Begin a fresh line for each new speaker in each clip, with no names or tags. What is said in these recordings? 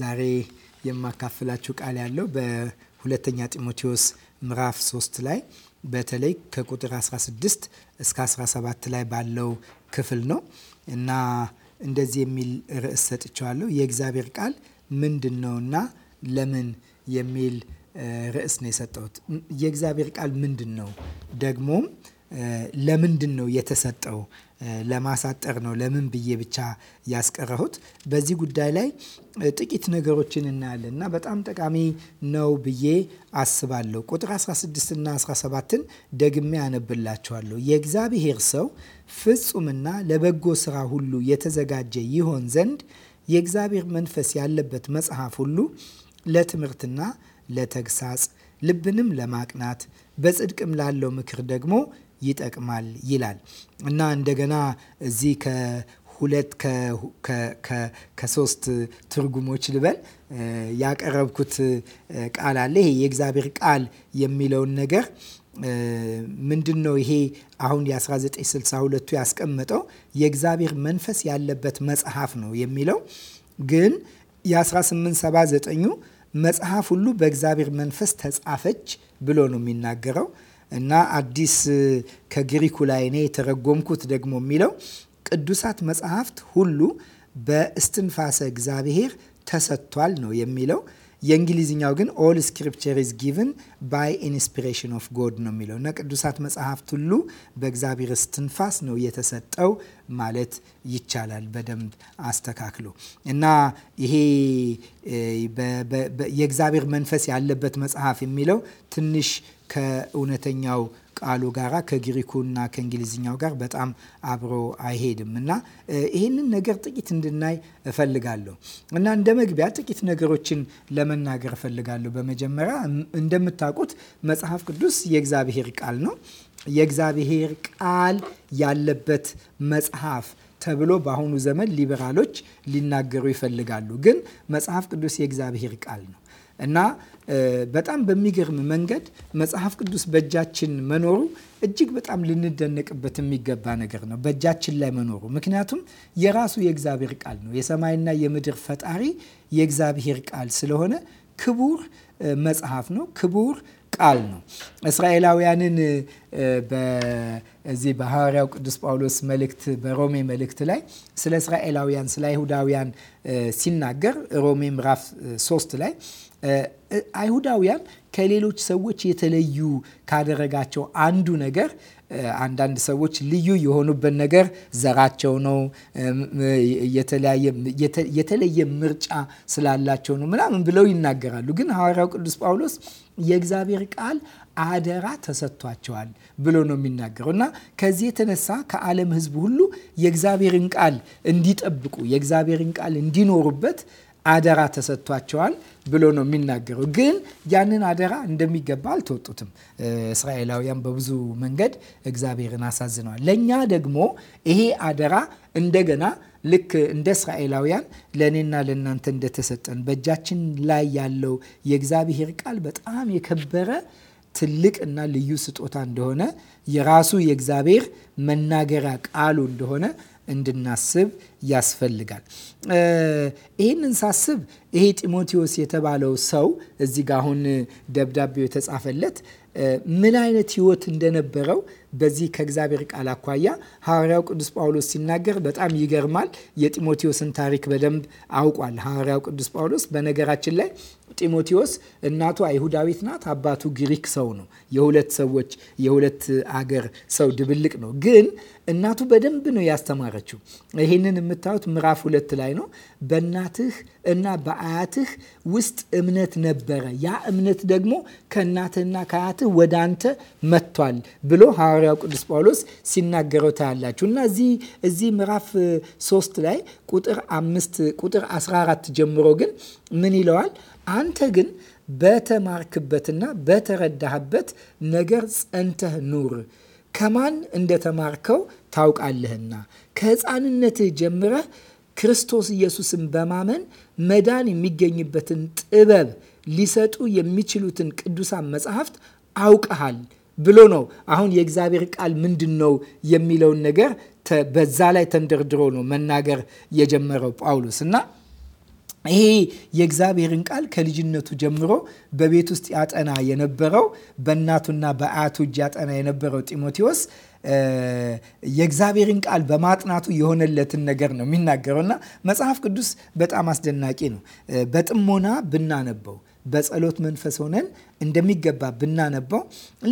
ዛሬ የማካፍላችሁ ቃል ያለው በሁለተኛ ጢሞቴዎስ ምዕራፍ 3 ላይ በተለይ ከቁጥር 16 እስከ 17 ላይ ባለው ክፍል ነው እና እንደዚህ የሚል ርዕስ ሰጥቸዋለሁ። የእግዚአብሔር ቃል ምንድን ነውና ለምን የሚል ርዕስ ነው የሰጠሁት። የእግዚአብሔር ቃል ምንድን ነው ደግሞም ለምንድን ነው የተሰጠው? ለማሳጠር ነው። ለምን ብዬ ብቻ ያስቀረሁት? በዚህ ጉዳይ ላይ ጥቂት ነገሮችን እናያለን እና በጣም ጠቃሚ ነው ብዬ አስባለሁ። ቁጥር 16 እና 17ን ደግሜ አነብላችኋለሁ። የእግዚአብሔር ሰው ፍጹምና ለበጎ ስራ ሁሉ የተዘጋጀ ይሆን ዘንድ የእግዚአብሔር መንፈስ ያለበት መጽሐፍ ሁሉ ለትምህርትና ለተግሳጽ ልብንም ለማቅናት በጽድቅም ላለው ምክር ደግሞ ይጠቅማል ይላል እና እንደገና እዚህ ሁለት ከሶስት ትርጉሞች ልበል ያቀረብኩት ቃል አለ። ይሄ የእግዚአብሔር ቃል የሚለውን ነገር ምንድን ነው? ይሄ አሁን የ1962ቱ ያስቀመጠው የእግዚአብሔር መንፈስ ያለበት መጽሐፍ ነው የሚለው ግን የ1879ኙ መጽሐፍ ሁሉ በእግዚአብሔር መንፈስ ተጻፈች ብሎ ነው የሚናገረው። እና አዲስ ከግሪኩ ላይ እኔ የተረጎምኩት ደግሞ የሚለው ቅዱሳት መጽሐፍት ሁሉ በእስትንፋሰ እግዚአብሔር ተሰጥቷል ነው የሚለው የእንግሊዝኛው ግን ኦል ስክሪፕቸር ኢዝ ጊቭን ባይ ኢንስፒሬሽን ኦፍ ጎድ ነው የሚለው እና ቅዱሳት መጽሐፍት ሁሉ በእግዚአብሔር እስትንፋስ ነው የተሰጠው ማለት ይቻላል። በደንብ አስተካክሎ እና ይሄ የእግዚአብሔር መንፈስ ያለበት መጽሐፍ የሚለው ትንሽ ከእውነተኛው ቃሉ ጋራ ከግሪኩና ከእንግሊዝኛው ጋር በጣም አብሮ አይሄድም እና ይህንን ነገር ጥቂት እንድናይ እፈልጋለሁ እና እንደ መግቢያ ጥቂት ነገሮችን ለመናገር እፈልጋለሁ። በመጀመሪያ እንደምታውቁት መጽሐፍ ቅዱስ የእግዚአብሔር ቃል ነው። የእግዚአብሔር ቃል ያለበት መጽሐፍ ተብሎ በአሁኑ ዘመን ሊበራሎች ሊናገሩ ይፈልጋሉ። ግን መጽሐፍ ቅዱስ የእግዚአብሔር ቃል ነው። እና በጣም በሚገርም መንገድ መጽሐፍ ቅዱስ በእጃችን መኖሩ እጅግ በጣም ልንደነቅበት የሚገባ ነገር ነው። በእጃችን ላይ መኖሩ ምክንያቱም የራሱ የእግዚአብሔር ቃል ነው። የሰማይና የምድር ፈጣሪ የእግዚአብሔር ቃል ስለሆነ ክቡር መጽሐፍ ነው፣ ክቡር ቃል ነው። እስራኤላውያንን በዚህ በሐዋርያው ቅዱስ ጳውሎስ መልእክት በሮሜ መልእክት ላይ ስለ እስራኤላውያን ስለ አይሁዳውያን ሲናገር ሮሜ ምዕራፍ ሶስት ላይ አይሁዳውያን ከሌሎች ሰዎች የተለዩ ካደረጋቸው አንዱ ነገር አንዳንድ ሰዎች ልዩ የሆኑበት ነገር ዘራቸው ነው፣ የተለየ ምርጫ ስላላቸው ነው ምናምን ብለው ይናገራሉ። ግን ሐዋርያው ቅዱስ ጳውሎስ የእግዚአብሔር ቃል አደራ ተሰጥቷቸዋል ብሎ ነው የሚናገረው እና ከዚህ የተነሳ ከዓለም ሕዝብ ሁሉ የእግዚአብሔርን ቃል እንዲጠብቁ የእግዚአብሔርን ቃል እንዲኖሩበት አደራ ተሰጥቷቸዋል ብሎ ነው የሚናገረው። ግን ያንን አደራ እንደሚገባ አልተወጡትም። እስራኤላውያን በብዙ መንገድ እግዚአብሔርን አሳዝነዋል። ለእኛ ደግሞ ይሄ አደራ እንደገና ልክ እንደ እስራኤላውያን ለእኔና ለእናንተ እንደተሰጠን በእጃችን ላይ ያለው የእግዚአብሔር ቃል በጣም የከበረ ትልቅና ልዩ ስጦታ እንደሆነ የራሱ የእግዚአብሔር መናገሪያ ቃሉ እንደሆነ እንድናስብ ያስፈልጋል። ይህንን ሳስብ ይሄ ጢሞቴዎስ የተባለው ሰው እዚህ ጋር አሁን ደብዳቤው የተጻፈለት ምን አይነት ህይወት እንደነበረው በዚህ ከእግዚአብሔር ቃል አኳያ ሐዋርያው ቅዱስ ጳውሎስ ሲናገር በጣም ይገርማል። የጢሞቴዎስን ታሪክ በደንብ አውቋል ሐዋርያው ቅዱስ ጳውሎስ። በነገራችን ላይ ጢሞቴዎስ እናቱ አይሁዳዊት ናት፣ አባቱ ግሪክ ሰው ነው። የሁለት ሰዎች የሁለት አገር ሰው ድብልቅ ነው። ግን እናቱ በደንብ ነው ያስተማረችው። ይህንን የምታዩት ምዕራፍ ሁለት ላይ ነው። በእናትህ እና በአያትህ ውስጥ እምነት ነበረ፣ ያ እምነት ደግሞ ከእናትህና ከአያትህ ወደ አንተ መጥቷል ብሎ ሐዋርያው ቅዱስ ጳውሎስ ሲናገረው ታያላችሁ እና እዚህ ምዕራፍ ሶስት ላይ ቁጥር አምስት ቁጥር 14 ጀምሮ ግን ምን ይለዋል? አንተ ግን በተማርክበትና በተረዳህበት ነገር ጸንተህ ኑር ከማን እንደተማርከው ታውቃለህና ከሕፃንነትህ ጀምረህ ክርስቶስ ኢየሱስን በማመን መዳን የሚገኝበትን ጥበብ ሊሰጡ የሚችሉትን ቅዱሳን መጽሐፍት አውቀሃል ብሎ ነው። አሁን የእግዚአብሔር ቃል ምንድን ነው የሚለውን ነገር በዛ ላይ ተንደርድሮ ነው መናገር የጀመረው ጳውሎስ እና ይሄ የእግዚአብሔርን ቃል ከልጅነቱ ጀምሮ በቤት ውስጥ ያጠና የነበረው በእናቱና በአያቱ እጅ ያጠና የነበረው ጢሞቴዎስ የእግዚአብሔርን ቃል በማጥናቱ የሆነለትን ነገር ነው የሚናገረው እና መጽሐፍ ቅዱስ በጣም አስደናቂ ነው። በጥሞና ብናነበው በጸሎት መንፈስ ሆነን እንደሚገባ ብናነበው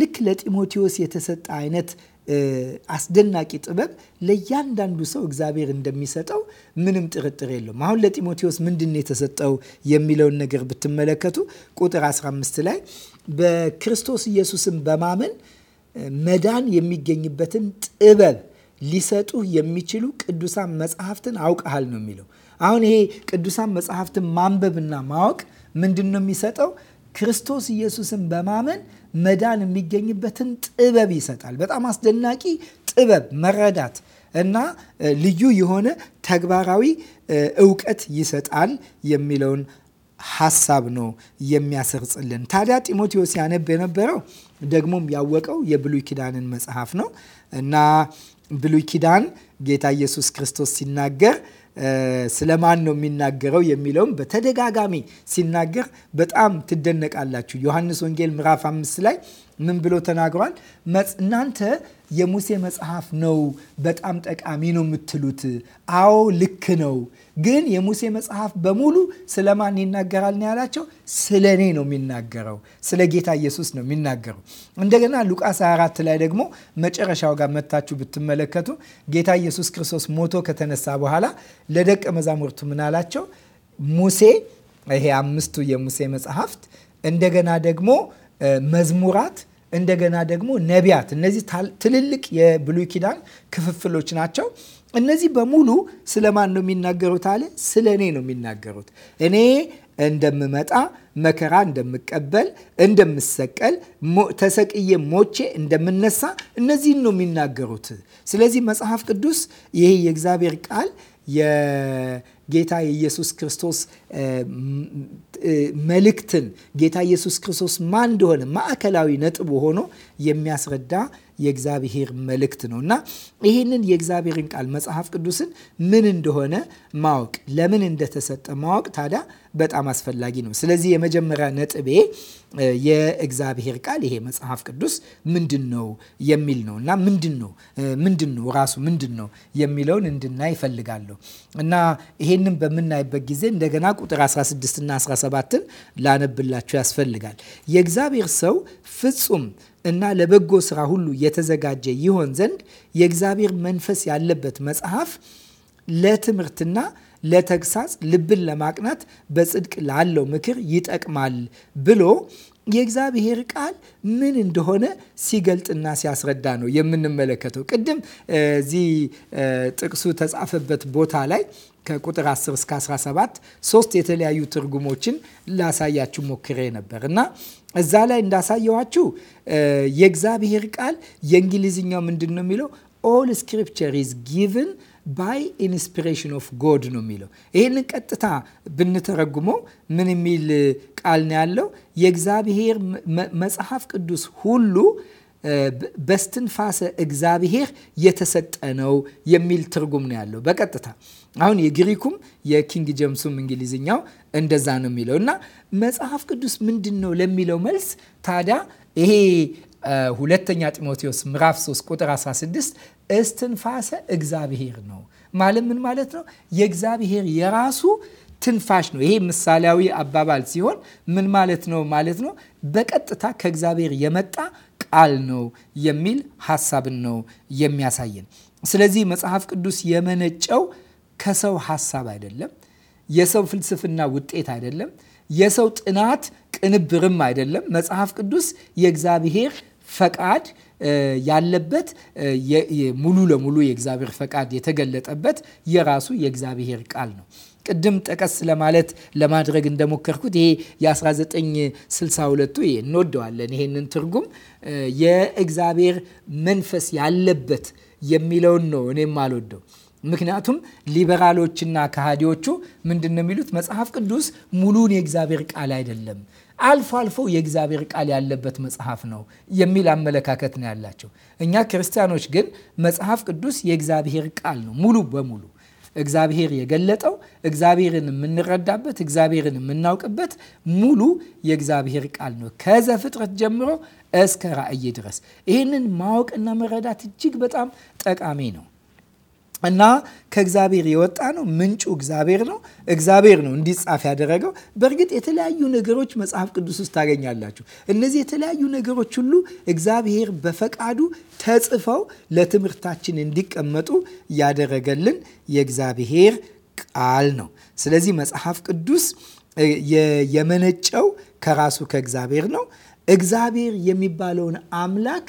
ልክ ለጢሞቴዎስ የተሰጠ አይነት አስደናቂ ጥበብ ለእያንዳንዱ ሰው እግዚአብሔር እንደሚሰጠው ምንም ጥርጥር የለውም። አሁን ለጢሞቴዎስ ምንድን የተሰጠው የሚለውን ነገር ብትመለከቱ ቁጥር 15 ላይ በክርስቶስ ኢየሱስን በማመን መዳን የሚገኝበትን ጥበብ ሊሰጡህ የሚችሉ ቅዱሳን መጽሐፍትን አውቀሃል ነው የሚለው። አሁን ይሄ ቅዱሳን መጽሐፍትን ማንበብና ማወቅ ምንድን ነው የሚሰጠው? ክርስቶስ ኢየሱስን በማመን መዳን የሚገኝበትን ጥበብ ይሰጣል። በጣም አስደናቂ ጥበብ፣ መረዳት እና ልዩ የሆነ ተግባራዊ እውቀት ይሰጣል የሚለውን ሀሳብ ነው የሚያሰርጽልን። ታዲያ ጢሞቴዎስ ያነብ የነበረው ደግሞም ያወቀው የብሉይ ኪዳንን መጽሐፍ ነው እና ብሉይ ኪዳን ጌታ ኢየሱስ ክርስቶስ ሲናገር ስለማን ነው የሚናገረው የሚለውም በተደጋጋሚ ሲናገር በጣም ትደነቃላችሁ። ዮሐንስ ወንጌል ምዕራፍ አምስት ላይ ምን ብሎ ተናግሯል? እናንተ የሙሴ መጽሐፍ ነው በጣም ጠቃሚ ነው የምትሉት። አዎ ልክ ነው። ግን የሙሴ መጽሐፍ በሙሉ ስለ ማን ይናገራል ነው ያላቸው። ስለ እኔ ነው የሚናገረው፣ ስለ ጌታ ኢየሱስ ነው የሚናገረው። እንደገና ሉቃስ 24 ላይ ደግሞ መጨረሻው ጋር መታችሁ ብትመለከቱ ጌታ ኢየሱስ ክርስቶስ ሞቶ ከተነሳ በኋላ ለደቀ መዛሙርቱ ምን አላቸው? ሙሴ ይሄ አምስቱ የሙሴ መጽሐፍት እንደገና ደግሞ መዝሙራት እንደገና ደግሞ ነቢያት። እነዚህ ትልልቅ የብሉይ ኪዳን ክፍፍሎች ናቸው። እነዚህ በሙሉ ስለ ማን ነው የሚናገሩት? አለ ስለ እኔ ነው የሚናገሩት። እኔ እንደምመጣ መከራ እንደምቀበል፣ እንደምሰቀል፣ ተሰቅዬ ሞቼ እንደምነሳ እነዚህን ነው የሚናገሩት። ስለዚህ መጽሐፍ ቅዱስ ይሄ የእግዚአብሔር ቃል የጌታ የኢየሱስ ክርስቶስ መልእክትን ጌታ ኢየሱስ ክርስቶስ ማን እንደሆነ ማዕከላዊ ነጥብ ሆኖ የሚያስረዳ የእግዚአብሔር መልእክት ነው እና ይህንን የእግዚአብሔርን ቃል መጽሐፍ ቅዱስን ምን እንደሆነ ማወቅ ለምን እንደተሰጠ ማወቅ ታዲያ በጣም አስፈላጊ ነው። ስለዚህ የመጀመሪያ ነጥቤ የእግዚአብሔር ቃል ይሄ መጽሐፍ ቅዱስ ምንድን ነው የሚል ነው እና ምንድን ነው ምንድን ነው ራሱ ምንድን ነው የሚለውን እንድናይ ይፈልጋለሁ እና ይሄንን በምናይበት ጊዜ እንደገና ቁጥር 16 እና 17ን ላነብላችሁ ያስፈልጋል። የእግዚአብሔር ሰው ፍጹም እና ለበጎ ስራ ሁሉ የተዘጋጀ ይሆን ዘንድ የእግዚአብሔር መንፈስ ያለበት መጽሐፍ ለትምህርትና ለተግሳጽ፣ ልብን ለማቅናት፣ በጽድቅ ላለው ምክር ይጠቅማል ብሎ የእግዚአብሔር ቃል ምን እንደሆነ ሲገልጥና ሲያስረዳ ነው የምንመለከተው። ቅድም እዚህ ጥቅሱ ተጻፈበት ቦታ ላይ ከቁጥር 10 እስከ 17 ሶስት የተለያዩ ትርጉሞችን ላሳያችሁ ሞክሬ ነበር እና እዛ ላይ እንዳሳየኋችሁ የእግዚአብሔር ቃል የእንግሊዝኛው ምንድን ነው የሚለው ኦል ስክሪፕቸር ኢዝ ጊቭን ባይ ኢንስፒሬሽን ኦፍ ጎድ ነው የሚለው። ይህንን ቀጥታ ብንተረጉመው ምን የሚል ቃል ነው ያለው? የእግዚአብሔር መጽሐፍ ቅዱስ ሁሉ በስትንፋሰ እግዚአብሔር የተሰጠ ነው የሚል ትርጉም ነው ያለው በቀጥታ አሁን የግሪኩም የኪንግ ጀምሱም እንግሊዝኛው እንደዛ ነው የሚለው እና መጽሐፍ ቅዱስ ምንድን ነው ለሚለው መልስ ታዲያ ይሄ ሁለተኛ ጢሞቴዎስ ምዕራፍ 3 ቁጥር 16 እስትንፋሰ እግዚአብሔር ነው ማለት ምን ማለት ነው? የእግዚአብሔር የራሱ ትንፋሽ ነው። ይሄ ምሳሌያዊ አባባል ሲሆን ምን ማለት ነው ማለት ነው? በቀጥታ ከእግዚአብሔር የመጣ ቃል ነው የሚል ሀሳብን ነው የሚያሳየን። ስለዚህ መጽሐፍ ቅዱስ የመነጨው ከሰው ሀሳብ አይደለም፣ የሰው ፍልስፍና ውጤት አይደለም፣ የሰው ጥናት ቅንብርም አይደለም። መጽሐፍ ቅዱስ የእግዚአብሔር ፈቃድ ያለበት ሙሉ ለሙሉ የእግዚአብሔር ፈቃድ የተገለጠበት የራሱ የእግዚአብሔር ቃል ነው። ቅድም ጠቀስ ለማለት ለማድረግ እንደሞከርኩት ይሄ የ1962ቱ እንወደዋለን። ይሄንን ትርጉም የእግዚአብሔር መንፈስ ያለበት የሚለውን ነው እኔም አልወደው። ምክንያቱም ሊበራሎችና ከሃዲዎቹ ምንድን ነው የሚሉት? መጽሐፍ ቅዱስ ሙሉን የእግዚአብሔር ቃል አይደለም አልፎ አልፎ የእግዚአብሔር ቃል ያለበት መጽሐፍ ነው የሚል አመለካከት ነው ያላቸው። እኛ ክርስቲያኖች ግን መጽሐፍ ቅዱስ የእግዚአብሔር ቃል ነው ሙሉ በሙሉ እግዚአብሔር የገለጠው እግዚአብሔርን የምንረዳበት እግዚአብሔርን የምናውቅበት ሙሉ የእግዚአብሔር ቃል ነው ከዘፍጥረት ጀምሮ እስከ ራእይ ድረስ። ይህንን ማወቅና መረዳት እጅግ በጣም ጠቃሚ ነው። እና ከእግዚአብሔር የወጣ ነው። ምንጩ እግዚአብሔር ነው። እግዚአብሔር ነው እንዲጻፍ ያደረገው። በእርግጥ የተለያዩ ነገሮች መጽሐፍ ቅዱስ ውስጥ ታገኛላችሁ። እነዚህ የተለያዩ ነገሮች ሁሉ እግዚአብሔር በፈቃዱ ተጽፈው ለትምህርታችን እንዲቀመጡ ያደረገልን የእግዚአብሔር ቃል ነው። ስለዚህ መጽሐፍ ቅዱስ የመነጨው ከራሱ ከእግዚአብሔር ነው። እግዚአብሔር የሚባለውን አምላክ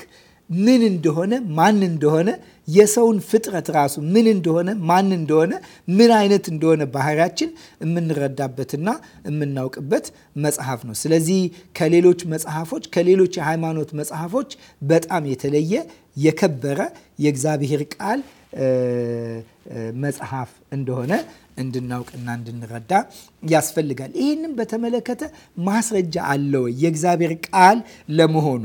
ምን እንደሆነ ማን እንደሆነ የሰውን ፍጥረት ራሱ ምን እንደሆነ ማን እንደሆነ ምን አይነት እንደሆነ ባህሪያችን የምንረዳበትና የምናውቅበት መጽሐፍ ነው። ስለዚህ ከሌሎች መጽሐፎች ከሌሎች የሃይማኖት መጽሐፎች በጣም የተለየ የከበረ የእግዚአብሔር ቃል መጽሐፍ እንደሆነ እንድናውቅና እንድንረዳ ያስፈልጋል። ይህንም በተመለከተ ማስረጃ አለው የእግዚአብሔር ቃል ለመሆኑ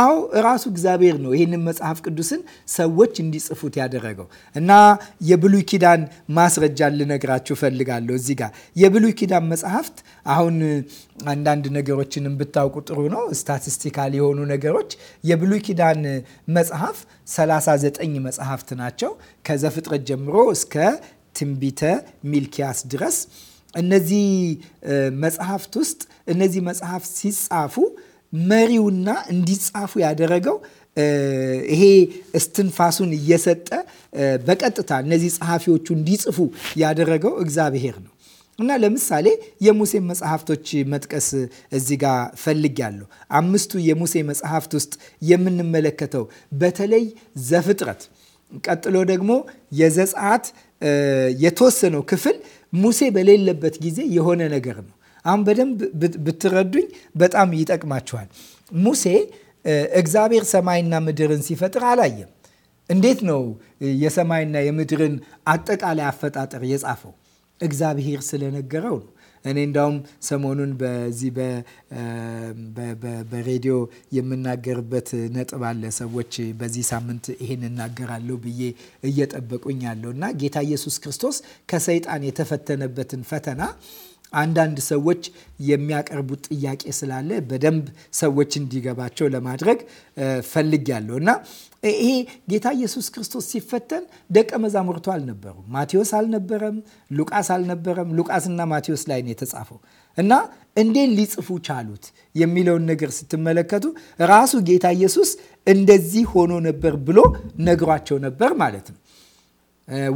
አዎ ራሱ እግዚአብሔር ነው ይህንን መጽሐፍ ቅዱስን ሰዎች እንዲጽፉት ያደረገው እና የብሉይ ኪዳን ማስረጃ ልነግራችሁ ፈልጋለሁ። እዚህ ጋር የብሉይ ኪዳን መጽሐፍት አሁን አንዳንድ ነገሮችን ብታውቁ ጥሩ ነው። ስታቲስቲካል የሆኑ ነገሮች የብሉይ ኪዳን መጽሐፍ 39 መጽሐፍት ናቸው ከዘፍጥረት ጀምሮ እስከ ትንቢተ ሚልኪያስ ድረስ እነዚህ መጽሐፍት ውስጥ እነዚህ መጽሐፍት ሲጻፉ መሪውና እንዲጻፉ ያደረገው ይሄ እስትንፋሱን እየሰጠ በቀጥታ እነዚህ ጸሐፊዎቹ እንዲጽፉ ያደረገው እግዚአብሔር ነው እና ለምሳሌ የሙሴ መጽሐፍቶች መጥቀስ እዚህ ጋር ፈልጊያለሁ። አምስቱ የሙሴ መጽሐፍት ውስጥ የምንመለከተው በተለይ ዘፍጥረት፣ ቀጥሎ ደግሞ የዘጸአት የተወሰነው ክፍል ሙሴ በሌለበት ጊዜ የሆነ ነገር ነው አሁን በደንብ ብትረዱኝ በጣም ይጠቅማችኋል። ሙሴ እግዚአብሔር ሰማይና ምድርን ሲፈጥር አላየም። እንዴት ነው የሰማይና የምድርን አጠቃላይ አፈጣጠር የጻፈው? እግዚአብሔር ስለነገረው ነው። እኔ እንዳውም ሰሞኑን በዚህ በሬዲዮ የምናገርበት ነጥብ አለ። ሰዎች በዚህ ሳምንት ይሄን እናገራለሁ ብዬ እየጠበቁኝ ያለው እና ጌታ ኢየሱስ ክርስቶስ ከሰይጣን የተፈተነበትን ፈተና አንዳንድ ሰዎች የሚያቀርቡት ጥያቄ ስላለ በደንብ ሰዎች እንዲገባቸው ለማድረግ ፈልጌያለሁ እና ይሄ ጌታ ኢየሱስ ክርስቶስ ሲፈተን ደቀ መዛሙርቱ አልነበሩም። ማቴዎስ አልነበረም፣ ሉቃስ አልነበረም። ሉቃስና ማቴዎስ ላይ ነው የተጻፈው እና እንዴት ሊጽፉ ቻሉት የሚለውን ነገር ስትመለከቱ ራሱ ጌታ ኢየሱስ እንደዚህ ሆኖ ነበር ብሎ ነግሯቸው ነበር ማለት ነው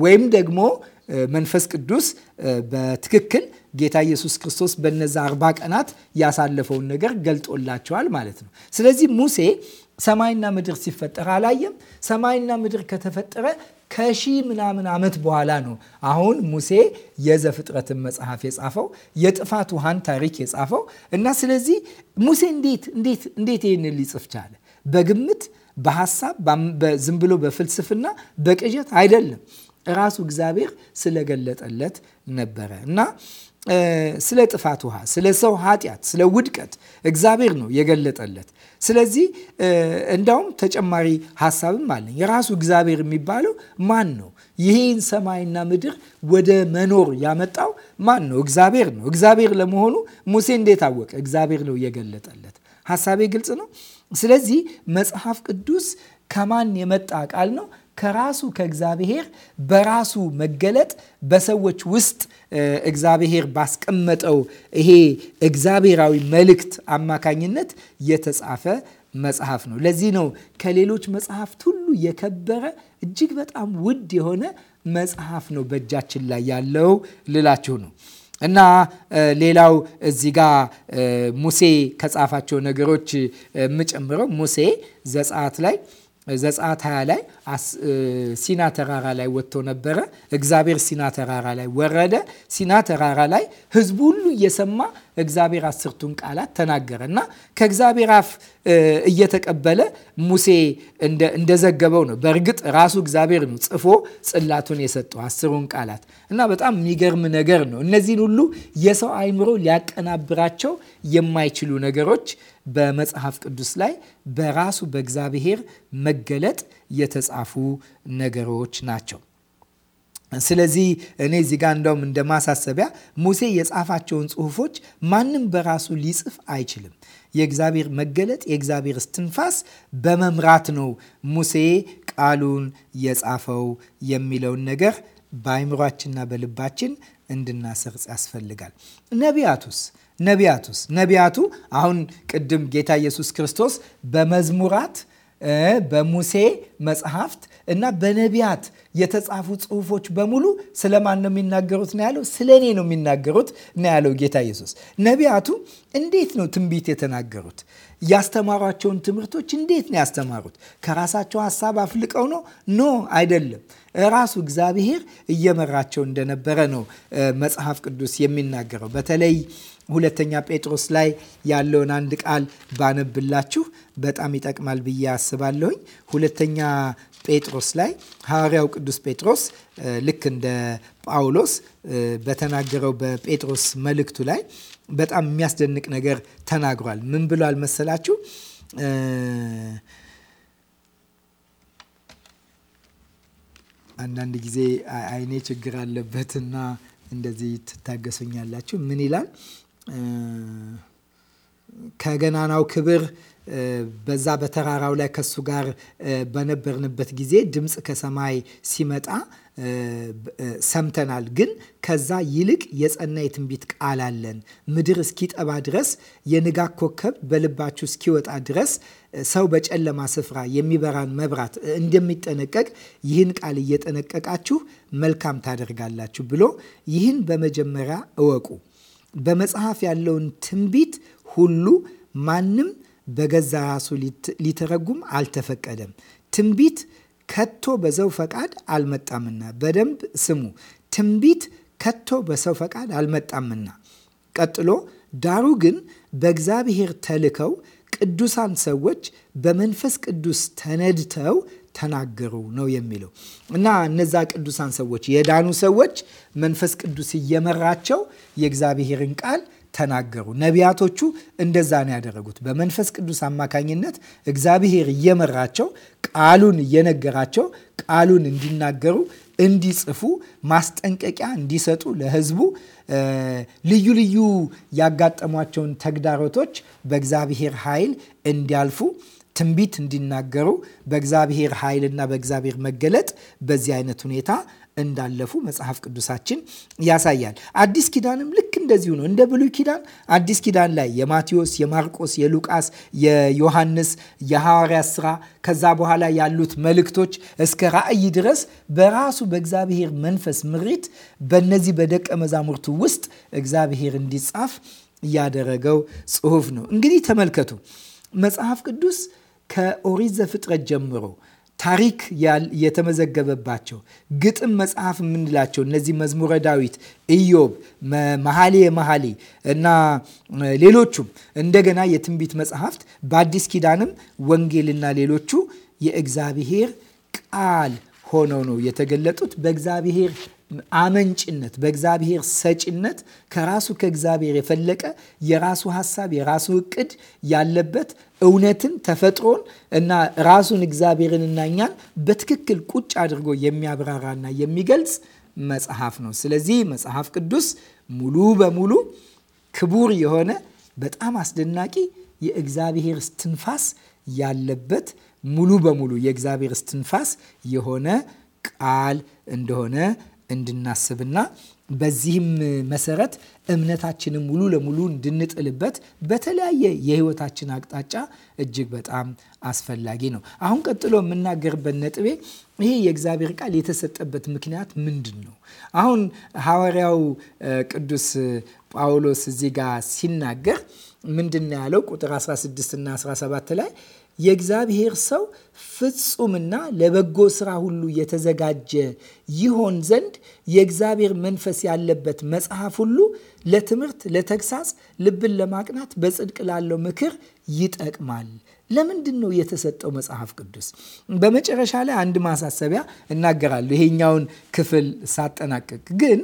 ወይም ደግሞ መንፈስ ቅዱስ በትክክል ጌታ ኢየሱስ ክርስቶስ በነዛ አርባ ቀናት ያሳለፈውን ነገር ገልጦላቸዋል ማለት ነው። ስለዚህ ሙሴ ሰማይና ምድር ሲፈጠር አላየም። ሰማይና ምድር ከተፈጠረ ከሺህ ምናምን ዓመት በኋላ ነው አሁን ሙሴ የዘፍጥረትን መጽሐፍ የጻፈው የጥፋት ውሃን ታሪክ የጻፈው እና ስለዚህ ሙሴ እንዴት እንዴት እንዴት ይህንን ሊጽፍ ቻለ? በግምት በሀሳብ ዝም ብሎ በፍልስፍና በቅዠት አይደለም። ራሱ እግዚአብሔር ስለገለጠለት ነበረ እና ስለ ጥፋት ውሃ፣ ስለ ሰው ኃጢአት፣ ስለ ውድቀት እግዚአብሔር ነው የገለጠለት። ስለዚህ እንዳውም ተጨማሪ ሀሳብም አለኝ። የራሱ እግዚአብሔር የሚባለው ማን ነው? ይሄን ሰማይና ምድር ወደ መኖር ያመጣው ማን ነው? እግዚአብሔር ነው። እግዚአብሔር ለመሆኑ ሙሴ እንዴት አወቀ? እግዚአብሔር ነው የገለጠለት። ሀሳቤ ግልጽ ነው። ስለዚህ መጽሐፍ ቅዱስ ከማን የመጣ ቃል ነው? ከራሱ ከእግዚአብሔር በራሱ መገለጥ በሰዎች ውስጥ እግዚአብሔር ባስቀመጠው ይሄ እግዚአብሔራዊ መልእክት አማካኝነት የተጻፈ መጽሐፍ ነው። ለዚህ ነው ከሌሎች መጽሐፍት ሁሉ የከበረ እጅግ በጣም ውድ የሆነ መጽሐፍ ነው በእጃችን ላይ ያለው ልላችሁ ነው። እና ሌላው እዚህ ጋ ሙሴ ከጻፋቸው ነገሮች የምጨምረው ሙሴ ዘጸአት ላይ ዘጸአት 20 ላይ ሲና ተራራ ላይ ወጥቶ ነበረ። እግዚአብሔር ሲና ተራራ ላይ ወረደ። ሲና ተራራ ላይ ህዝቡ ሁሉ እየሰማ እግዚአብሔር አስርቱን ቃላት ተናገረ እና ከእግዚአብሔር አፍ እየተቀበለ ሙሴ እንደዘገበው ነው። በእርግጥ ራሱ እግዚአብሔር ነው ጽፎ ጽላቱን የሰጠው አስሩን ቃላት እና በጣም የሚገርም ነገር ነው። እነዚህን ሁሉ የሰው አይምሮ ሊያቀናብራቸው የማይችሉ ነገሮች በመጽሐፍ ቅዱስ ላይ በራሱ በእግዚአብሔር መገለጥ የተጻፉ ነገሮች ናቸው። ስለዚህ እኔ እዚህ ጋር እንደውም እንደ ማሳሰቢያ ሙሴ የጻፋቸውን ጽሁፎች ማንም በራሱ ሊጽፍ አይችልም። የእግዚአብሔር መገለጥ የእግዚአብሔር እስትንፋስ በመምራት ነው ሙሴ ቃሉን የጻፈው የሚለውን ነገር በአይምሯችንና በልባችን እንድናሰርጽ ያስፈልጋል። ነቢያቱስ ነቢያቱስ? ነቢያቱ አሁን ቅድም ጌታ ኢየሱስ ክርስቶስ በመዝሙራት በሙሴ መጽሐፍት እና በነቢያት የተጻፉ ጽሁፎች በሙሉ ስለማን ነው የሚናገሩት ነው ያለው? ስለ እኔ ነው የሚናገሩት ነው ያለው ጌታ ኢየሱስ። ነቢያቱ እንዴት ነው ትንቢት የተናገሩት? ያስተማሯቸውን ትምህርቶች እንዴት ነው ያስተማሩት? ከራሳቸው ሀሳብ አፍልቀው ነው? ኖ አይደለም። ራሱ እግዚአብሔር እየመራቸው እንደነበረ ነው መጽሐፍ ቅዱስ የሚናገረው በተለይ ሁለተኛ ጴጥሮስ ላይ ያለውን አንድ ቃል ባነብላችሁ በጣም ይጠቅማል ብዬ አስባለሁኝ። ሁለተኛ ጴጥሮስ ላይ ሐዋርያው ቅዱስ ጴጥሮስ ልክ እንደ ጳውሎስ በተናገረው በጴጥሮስ መልእክቱ ላይ በጣም የሚያስደንቅ ነገር ተናግሯል። ምን ብሏል መሰላችሁ? አንዳንድ ጊዜ አይኔ ችግር አለበትና እንደዚህ ትታገሱኛላችሁ። ምን ይላል? ከገናናው ክብር በዛ በተራራው ላይ ከሱ ጋር በነበርንበት ጊዜ ድምፅ ከሰማይ ሲመጣ ሰምተናል። ግን ከዛ ይልቅ የጸና የትንቢት ቃል አለን። ምድር እስኪጠባ ድረስ የንጋት ኮከብ በልባችሁ እስኪወጣ ድረስ ሰው በጨለማ ስፍራ የሚበራን መብራት እንደሚጠነቀቅ ይህን ቃል እየጠነቀቃችሁ መልካም ታደርጋላችሁ ብሎ ይህን በመጀመሪያ እወቁ። በመጽሐፍ ያለውን ትንቢት ሁሉ ማንም በገዛ ራሱ ሊተረጉም አልተፈቀደም። ትንቢት ከቶ በሰው ፈቃድ አልመጣምና፣ በደንብ ስሙ። ትንቢት ከቶ በሰው ፈቃድ አልመጣምና። ቀጥሎ ዳሩ ግን በእግዚአብሔር ተልከው ቅዱሳን ሰዎች በመንፈስ ቅዱስ ተነድተው ተናገሩ ነው የሚለው እና እነዛ ቅዱሳን ሰዎች የዳኑ ሰዎች መንፈስ ቅዱስ እየመራቸው የእግዚአብሔርን ቃል ተናገሩ። ነቢያቶቹ እንደዛ ነው ያደረጉት። በመንፈስ ቅዱስ አማካኝነት እግዚአብሔር እየመራቸው ቃሉን እየነገራቸው ቃሉን እንዲናገሩ፣ እንዲጽፉ፣ ማስጠንቀቂያ እንዲሰጡ ለሕዝቡ ልዩ ልዩ ያጋጠሟቸውን ተግዳሮቶች በእግዚአብሔር ኃይል እንዲያልፉ ትንቢት እንዲናገሩ በእግዚአብሔር ኃይልና በእግዚአብሔር መገለጥ በዚህ አይነት ሁኔታ እንዳለፉ መጽሐፍ ቅዱሳችን ያሳያል። አዲስ ኪዳንም ልክ እንደዚሁ ነው። እንደ ብሉይ ኪዳን አዲስ ኪዳን ላይ የማቴዎስ፣ የማርቆስ፣ የሉቃስ፣ የዮሐንስ፣ የሐዋርያ ስራ ከዛ በኋላ ያሉት መልእክቶች እስከ ራእይ ድረስ በራሱ በእግዚአብሔር መንፈስ ምሪት በነዚህ በደቀ መዛሙርቱ ውስጥ እግዚአብሔር እንዲጻፍ ያደረገው ጽሁፍ ነው። እንግዲህ ተመልከቱ መጽሐፍ ቅዱስ ከኦሪት ዘፍጥረት ጀምሮ ታሪክ የተመዘገበባቸው ግጥም መጽሐፍ የምንላቸው እነዚህ መዝሙረ ዳዊት፣ ኢዮብ፣ መሐሌ መኃልይ እና ሌሎቹም እንደገና የትንቢት መጽሐፍት በአዲስ ኪዳንም ወንጌልና ሌሎቹ የእግዚአብሔር ቃል ሆነው ነው የተገለጡት። በእግዚአብሔር አመንጭነት፣ በእግዚአብሔር ሰጪነት ከራሱ ከእግዚአብሔር የፈለቀ የራሱ ሀሳብ የራሱ እቅድ ያለበት እውነትን፣ ተፈጥሮን እና ራሱን እግዚአብሔርን እና እኛን በትክክል ቁጭ አድርጎ የሚያብራራና የሚገልጽ መጽሐፍ ነው። ስለዚህ መጽሐፍ ቅዱስ ሙሉ በሙሉ ክቡር የሆነ በጣም አስደናቂ የእግዚአብሔር ትንፋስ ያለበት ሙሉ በሙሉ የእግዚአብሔር እስትንፋስ የሆነ ቃል እንደሆነ እንድናስብና በዚህም መሰረት እምነታችንን ሙሉ ለሙሉ እንድንጥልበት በተለያየ የህይወታችን አቅጣጫ እጅግ በጣም አስፈላጊ ነው። አሁን ቀጥሎ የምናገርበት ነጥቤ ይሄ የእግዚአብሔር ቃል የተሰጠበት ምክንያት ምንድን ነው? አሁን ሐዋርያው ቅዱስ ጳውሎስ እዚህ ጋር ሲናገር ምንድን ያለው ቁጥር 16 እና 17 ላይ የእግዚአብሔር ሰው ፍጹምና ለበጎ ስራ ሁሉ የተዘጋጀ ይሆን ዘንድ የእግዚአብሔር መንፈስ ያለበት መጽሐፍ ሁሉ ለትምህርት፣ ለተግሳጽ፣ ልብን ለማቅናት በጽድቅ ላለው ምክር ይጠቅማል። ለምንድን ነው የተሰጠው መጽሐፍ ቅዱስ? በመጨረሻ ላይ አንድ ማሳሰቢያ እናገራለሁ ይሄኛውን ክፍል ሳጠናቀቅ ግን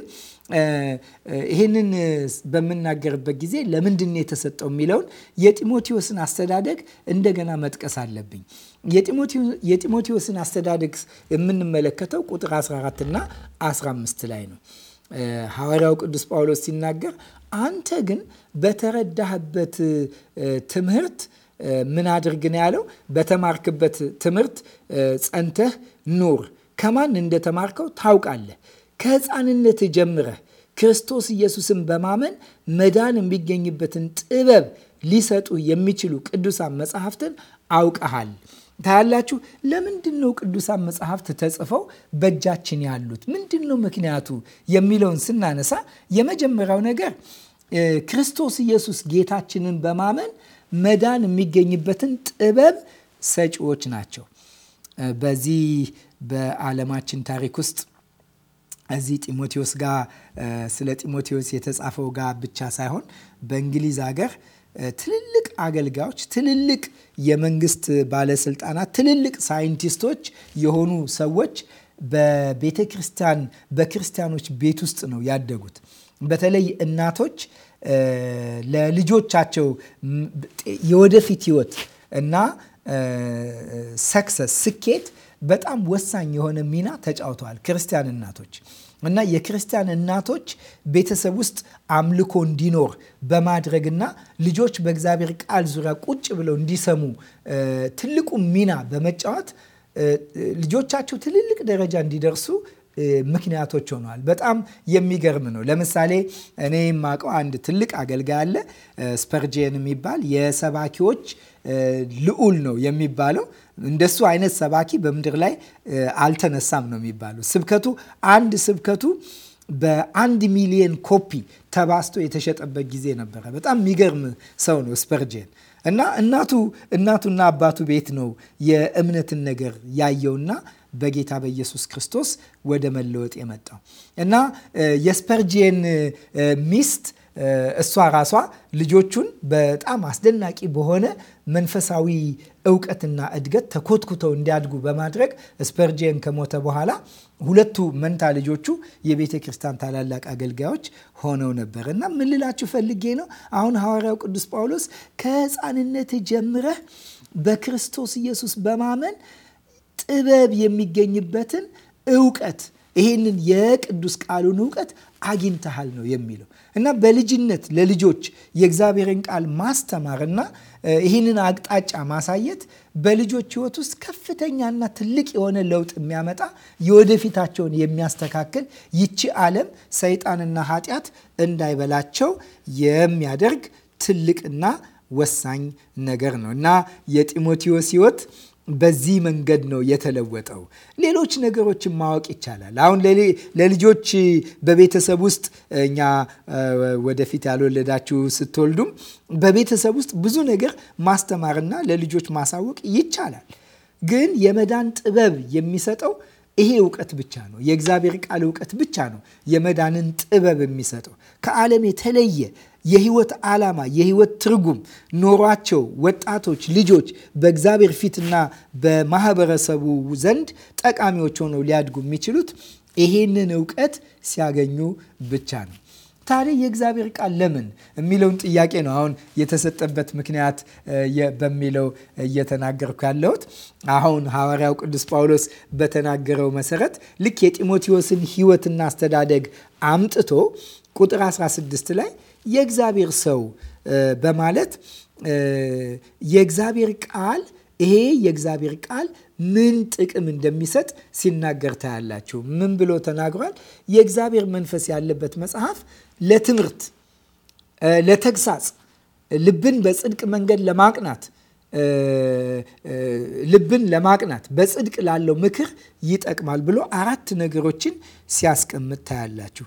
ይህንን በምናገርበት ጊዜ ለምንድን የተሰጠው የሚለውን የጢሞቴዎስን አስተዳደግ እንደገና መጥቀስ አለብኝ። የጢሞቴዎስን አስተዳደግ የምንመለከተው ቁጥር 14 እና 15 ላይ ነው። ሐዋርያው ቅዱስ ጳውሎስ ሲናገር አንተ ግን በተረዳህበት ትምህርት ምን አድርግ ነው ያለው? በተማርክበት ትምህርት ጸንተህ ኑር። ከማን እንደተማርከው ታውቃለህ ከህፃንነት ጀምረህ ክርስቶስ ኢየሱስን በማመን መዳን የሚገኝበትን ጥበብ ሊሰጡ የሚችሉ ቅዱሳን መጽሐፍትን አውቀሃል። ታያላችሁ። ለምንድን ነው ቅዱሳን መጽሐፍት ተጽፈው በእጃችን ያሉት? ምንድን ነው ምክንያቱ የሚለውን ስናነሳ የመጀመሪያው ነገር ክርስቶስ ኢየሱስ ጌታችንን በማመን መዳን የሚገኝበትን ጥበብ ሰጪዎች ናቸው። በዚህ በዓለማችን ታሪክ ውስጥ እዚህ ጢሞቴዎስ ጋር ስለ ጢሞቴዎስ የተጻፈው ጋር ብቻ ሳይሆን በእንግሊዝ ሀገር ትልልቅ አገልጋዮች፣ ትልልቅ የመንግስት ባለስልጣናት፣ ትልልቅ ሳይንቲስቶች የሆኑ ሰዎች በቤተ ክርስቲያን በክርስቲያኖች ቤት ውስጥ ነው ያደጉት። በተለይ እናቶች ለልጆቻቸው የወደፊት ህይወት እና ሰክሰስ ስኬት በጣም ወሳኝ የሆነ ሚና ተጫውተዋል ክርስቲያን እናቶች እና የክርስቲያን እናቶች ቤተሰብ ውስጥ አምልኮ እንዲኖር በማድረግና ልጆች በእግዚአብሔር ቃል ዙሪያ ቁጭ ብለው እንዲሰሙ ትልቁ ሚና በመጫወት ልጆቻቸው ትልልቅ ደረጃ እንዲደርሱ ምክንያቶች ሆነዋል። በጣም የሚገርም ነው። ለምሳሌ እኔ የማውቀው አንድ ትልቅ አገልጋይ አለ፣ ስፐርጄን የሚባል የሰባኪዎች ልዑል ነው የሚባለው። እንደሱ አይነት ሰባኪ በምድር ላይ አልተነሳም ነው የሚባለው። ስብከቱ አንድ ስብከቱ በአንድ ሚሊየን ኮፒ ተባስቶ የተሸጠበት ጊዜ ነበረ። በጣም የሚገርም ሰው ነው ስፐርጀን እና እናቱ እናቱና አባቱ ቤት ነው የእምነትን ነገር ያየውና በጌታ በኢየሱስ ክርስቶስ ወደ መለወጥ የመጣው እና የስፐርጅን ሚስት እሷ ራሷ ልጆቹን በጣም አስደናቂ በሆነ መንፈሳዊ እውቀትና እድገት ተኮትኩተው እንዲያድጉ በማድረግ ስፐርጄን ከሞተ በኋላ ሁለቱ መንታ ልጆቹ የቤተ ክርስቲያን ታላላቅ አገልጋዮች ሆነው ነበር እና ምን ልላችሁ ፈልጌ ነው አሁን ሐዋርያው ቅዱስ ጳውሎስ ከህፃንነት ጀምረህ በክርስቶስ ኢየሱስ በማመን ጥበብ የሚገኝበትን እውቀት ይህንን የቅዱስ ቃሉን እውቀት አግኝተሃል ነው የሚለው እና በልጅነት ለልጆች የእግዚአብሔርን ቃል ማስተማርና ይህንን አቅጣጫ ማሳየት በልጆች ሕይወት ውስጥ ከፍተኛና ትልቅ የሆነ ለውጥ የሚያመጣ የወደፊታቸውን የሚያስተካክል ይቺ ዓለም ሰይጣንና ኃጢአት እንዳይበላቸው የሚያደርግ ትልቅና ወሳኝ ነገር ነው እና የጢሞቴዎስ ሕይወት በዚህ መንገድ ነው የተለወጠው። ሌሎች ነገሮችን ማወቅ ይቻላል። አሁን ለልጆች በቤተሰብ ውስጥ እኛ ወደፊት ያልወለዳችሁ ስትወልዱም በቤተሰብ ውስጥ ብዙ ነገር ማስተማርና ለልጆች ማሳወቅ ይቻላል። ግን የመዳን ጥበብ የሚሰጠው ይሄ እውቀት ብቻ ነው። የእግዚአብሔር ቃል እውቀት ብቻ ነው የመዳንን ጥበብ የሚሰጠው ከዓለም የተለየ የህይወት ዓላማ የህይወት ትርጉም ኖሯቸው ወጣቶች ልጆች በእግዚአብሔር ፊትና በማህበረሰቡ ዘንድ ጠቃሚዎች ሆነው ሊያድጉ የሚችሉት ይሄንን እውቀት ሲያገኙ ብቻ ነው። ታዲያ የእግዚአብሔር ቃል ለምን የሚለውን ጥያቄ ነው አሁን የተሰጠበት ምክንያት በሚለው እየተናገርኩ ያለሁት። አሁን ሐዋርያው ቅዱስ ጳውሎስ በተናገረው መሰረት ልክ የጢሞቴዎስን ህይወትና አስተዳደግ አምጥቶ ቁጥር 16 ላይ የእግዚአብሔር ሰው በማለት የእግዚአብሔር ቃል ይሄ የእግዚአብሔር ቃል ምን ጥቅም እንደሚሰጥ ሲናገር ታያላችሁ። ምን ብሎ ተናግሯል? የእግዚአብሔር መንፈስ ያለበት መጽሐፍ ለትምህርት፣ ለተግሳጽ፣ ልብን በጽድቅ መንገድ ለማቅናት ልብን ለማቅናት በጽድቅ ላለው ምክር ይጠቅማል ብሎ አራት ነገሮችን ሲያስቀምጥ ታያላችሁ።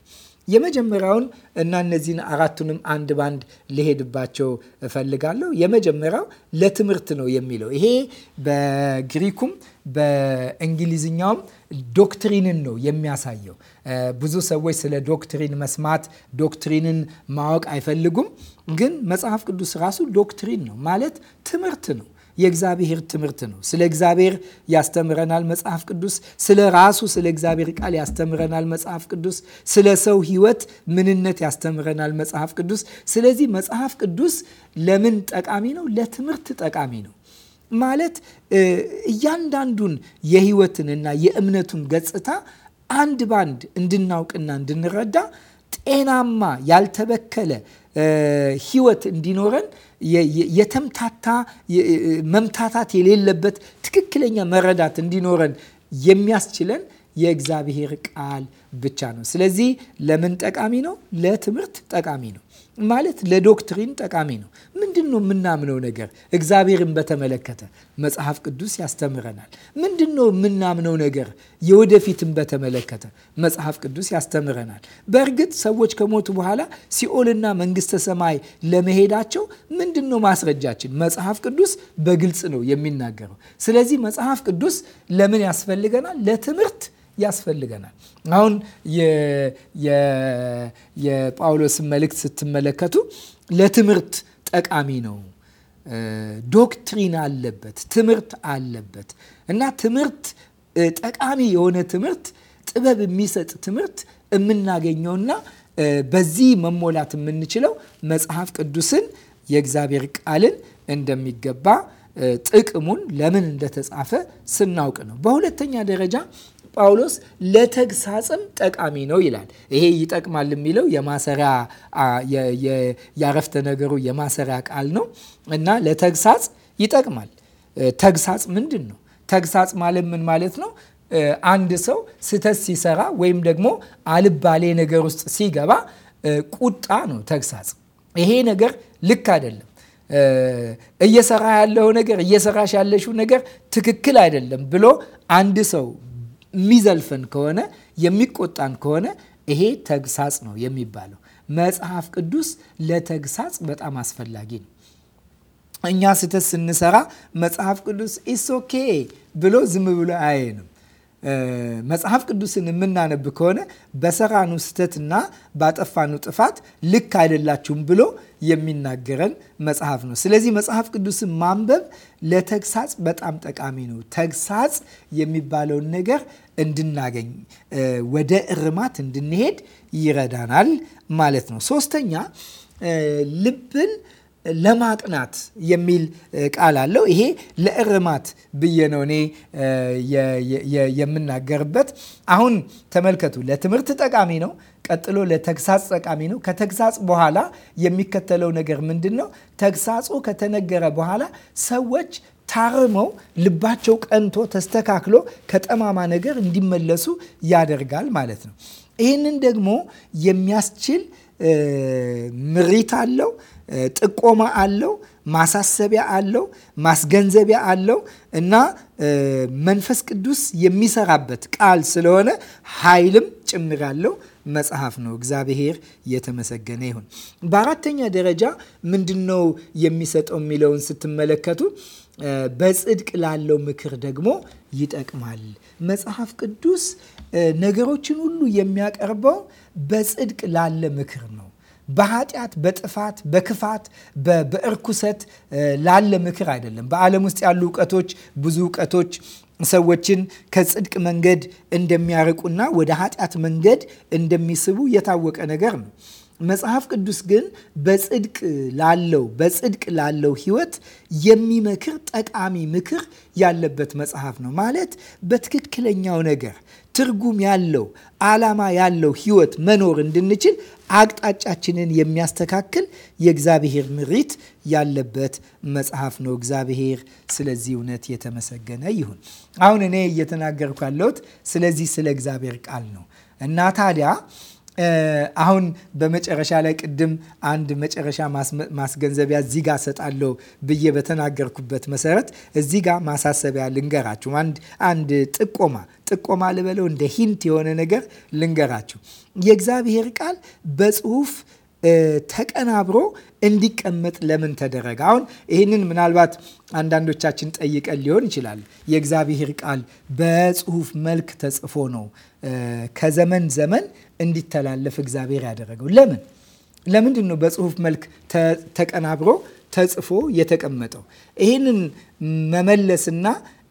የመጀመሪያውን እና እነዚህን አራቱንም አንድ ባንድ ልሄድባቸው እፈልጋለሁ። የመጀመሪያው ለትምህርት ነው የሚለው ይሄ በግሪኩም በእንግሊዝኛውም ዶክትሪንን ነው የሚያሳየው። ብዙ ሰዎች ስለ ዶክትሪን መስማት፣ ዶክትሪንን ማወቅ አይፈልጉም። ግን መጽሐፍ ቅዱስ ራሱ ዶክትሪን ነው ማለት ትምህርት ነው የእግዚአብሔር ትምህርት ነው። ስለ እግዚአብሔር ያስተምረናል መጽሐፍ ቅዱስ። ስለ ራሱ ስለ እግዚአብሔር ቃል ያስተምረናል መጽሐፍ ቅዱስ። ስለ ሰው ሕይወት ምንነት ያስተምረናል መጽሐፍ ቅዱስ። ስለዚህ መጽሐፍ ቅዱስ ለምን ጠቃሚ ነው? ለትምህርት ጠቃሚ ነው። ማለት እያንዳንዱን የሕይወትንና የእምነቱን ገጽታ አንድ ባንድ እንድናውቅና እንድንረዳ ጤናማ ያልተበከለ ሕይወት እንዲኖረን የተምታታ መምታታት የሌለበት ትክክለኛ መረዳት እንዲኖረን የሚያስችለን የእግዚአብሔር ቃል ብቻ ነው። ስለዚህ ለምን ጠቃሚ ነው? ለትምህርት ጠቃሚ ነው። ማለት ለዶክትሪን ጠቃሚ ነው። ምንድን ነው የምናምነው ነገር እግዚአብሔርን በተመለከተ መጽሐፍ ቅዱስ ያስተምረናል። ምንድን ነው የምናምነው ነገር የወደፊትን በተመለከተ መጽሐፍ ቅዱስ ያስተምረናል። በእርግጥ ሰዎች ከሞቱ በኋላ ሲኦልና መንግስተ ሰማይ ለመሄዳቸው ምንድን ነው ማስረጃችን? መጽሐፍ ቅዱስ በግልጽ ነው የሚናገረው። ስለዚህ መጽሐፍ ቅዱስ ለምን ያስፈልገናል? ለትምህርት ያስፈልገናል። አሁን የጳውሎስን መልእክት ስትመለከቱ ለትምህርት ጠቃሚ ነው። ዶክትሪን አለበት፣ ትምህርት አለበት እና ትምህርት ጠቃሚ የሆነ ትምህርት፣ ጥበብ የሚሰጥ ትምህርት የምናገኘውና በዚህ መሞላት የምንችለው መጽሐፍ ቅዱስን የእግዚአብሔር ቃልን እንደሚገባ ጥቅሙን ለምን እንደተጻፈ ስናውቅ ነው። በሁለተኛ ደረጃ ጳውሎስ ለተግሳጽም ጠቃሚ ነው ይላል። ይሄ ይጠቅማል የሚለው የማሰሪያ ያረፍተ ነገሩ የማሰሪያ ቃል ነው እና ለተግሳጽ ይጠቅማል። ተግሳጽ ምንድን ነው? ተግሳጽ ማለት ምን ማለት ነው? አንድ ሰው ስህተት ሲሰራ ወይም ደግሞ አልባሌ ነገር ውስጥ ሲገባ ቁጣ ነው ተግሳጽ። ይሄ ነገር ልክ አይደለም እየሰራ ያለው ነገር እየሰራሽ ያለሽው ነገር ትክክል አይደለም ብሎ አንድ ሰው የሚዘልፈን ከሆነ የሚቆጣን ከሆነ ይሄ ተግሳጽ ነው የሚባለው። መጽሐፍ ቅዱስ ለተግሳጽ በጣም አስፈላጊ ነው። እኛ ስህተት ስንሰራ መጽሐፍ ቅዱስ ኢስ ኦኬ ብሎ ዝም ብሎ አያየንም። መጽሐፍ ቅዱስን የምናነብ ከሆነ በሰራኑ ስህተትና ባጠፋኑ ጥፋት ልክ አይደላችሁም ብሎ የሚናገረን መጽሐፍ ነው። ስለዚህ መጽሐፍ ቅዱስን ማንበብ ለተግሳጽ በጣም ጠቃሚ ነው። ተግሳጽ የሚባለውን ነገር እንድናገኝ ወደ እርማት እንድንሄድ ይረዳናል ማለት ነው። ሶስተኛ ልብን ለማቅናት የሚል ቃል አለው። ይሄ ለእርማት ብዬ ነው እኔ የምናገርበት። አሁን ተመልከቱ፣ ለትምህርት ጠቃሚ ነው። ቀጥሎ ለተግሳጽ ጠቃሚ ነው። ከተግሳጽ በኋላ የሚከተለው ነገር ምንድን ነው? ተግሳጹ ከተነገረ በኋላ ሰዎች ታርመው ልባቸው ቀንቶ ተስተካክሎ ከጠማማ ነገር እንዲመለሱ ያደርጋል ማለት ነው። ይህንን ደግሞ የሚያስችል ምሪት አለው፣ ጥቆማ አለው፣ ማሳሰቢያ አለው፣ ማስገንዘቢያ አለው እና መንፈስ ቅዱስ የሚሰራበት ቃል ስለሆነ ኃይልም ጭምር ያለው መጽሐፍ ነው። እግዚአብሔር የተመሰገነ ይሁን። በአራተኛ ደረጃ ምንድን ነው የሚሰጠው የሚለውን ስትመለከቱ በጽድቅ ላለው ምክር ደግሞ ይጠቅማል። መጽሐፍ ቅዱስ ነገሮችን ሁሉ የሚያቀርበው በጽድቅ ላለ ምክር ነው። በኃጢአት፣ በጥፋት፣ በክፋት፣ በእርኩሰት ላለ ምክር አይደለም። በዓለም ውስጥ ያሉ እውቀቶች ብዙ እውቀቶች ሰዎችን ከጽድቅ መንገድ እንደሚያርቁና ወደ ኃጢአት መንገድ እንደሚስቡ የታወቀ ነገር ነው። መጽሐፍ ቅዱስ ግን በጽድቅ ላለው በጽድቅ ላለው ህይወት የሚመክር ጠቃሚ ምክር ያለበት መጽሐፍ ነው። ማለት በትክክለኛው ነገር ትርጉም ያለው ዓላማ ያለው ህይወት መኖር እንድንችል አቅጣጫችንን የሚያስተካክል የእግዚአብሔር ምሪት ያለበት መጽሐፍ ነው። እግዚአብሔር ስለዚህ እውነት የተመሰገነ ይሁን። አሁን እኔ እየተናገርኩ ያለሁት ስለዚህ ስለ እግዚአብሔር ቃል ነው እና ታዲያ አሁን በመጨረሻ ላይ ቅድም አንድ መጨረሻ ማስገንዘቢያ እዚህ ጋር ሰጣለሁ ብዬ በተናገርኩበት መሰረት እዚህ ጋር ማሳሰቢያ ልንገራችሁ። አንድ አንድ ጥቆማ ጥቆማ ልበለው እንደ ሂንት የሆነ ነገር ልንገራችሁ። የእግዚአብሔር ቃል በጽሁፍ ተቀናብሮ እንዲቀመጥ ለምን ተደረገ? አሁን ይህንን ምናልባት አንዳንዶቻችን ጠይቀን ሊሆን ይችላል። የእግዚአብሔር ቃል በጽሁፍ መልክ ተጽፎ ነው ከዘመን ዘመን እንዲተላለፍ እግዚአብሔር ያደረገው ለምን? ለምንድን ነው በጽሁፍ መልክ ተቀናብሮ ተጽፎ የተቀመጠው? ይህንን መመለስና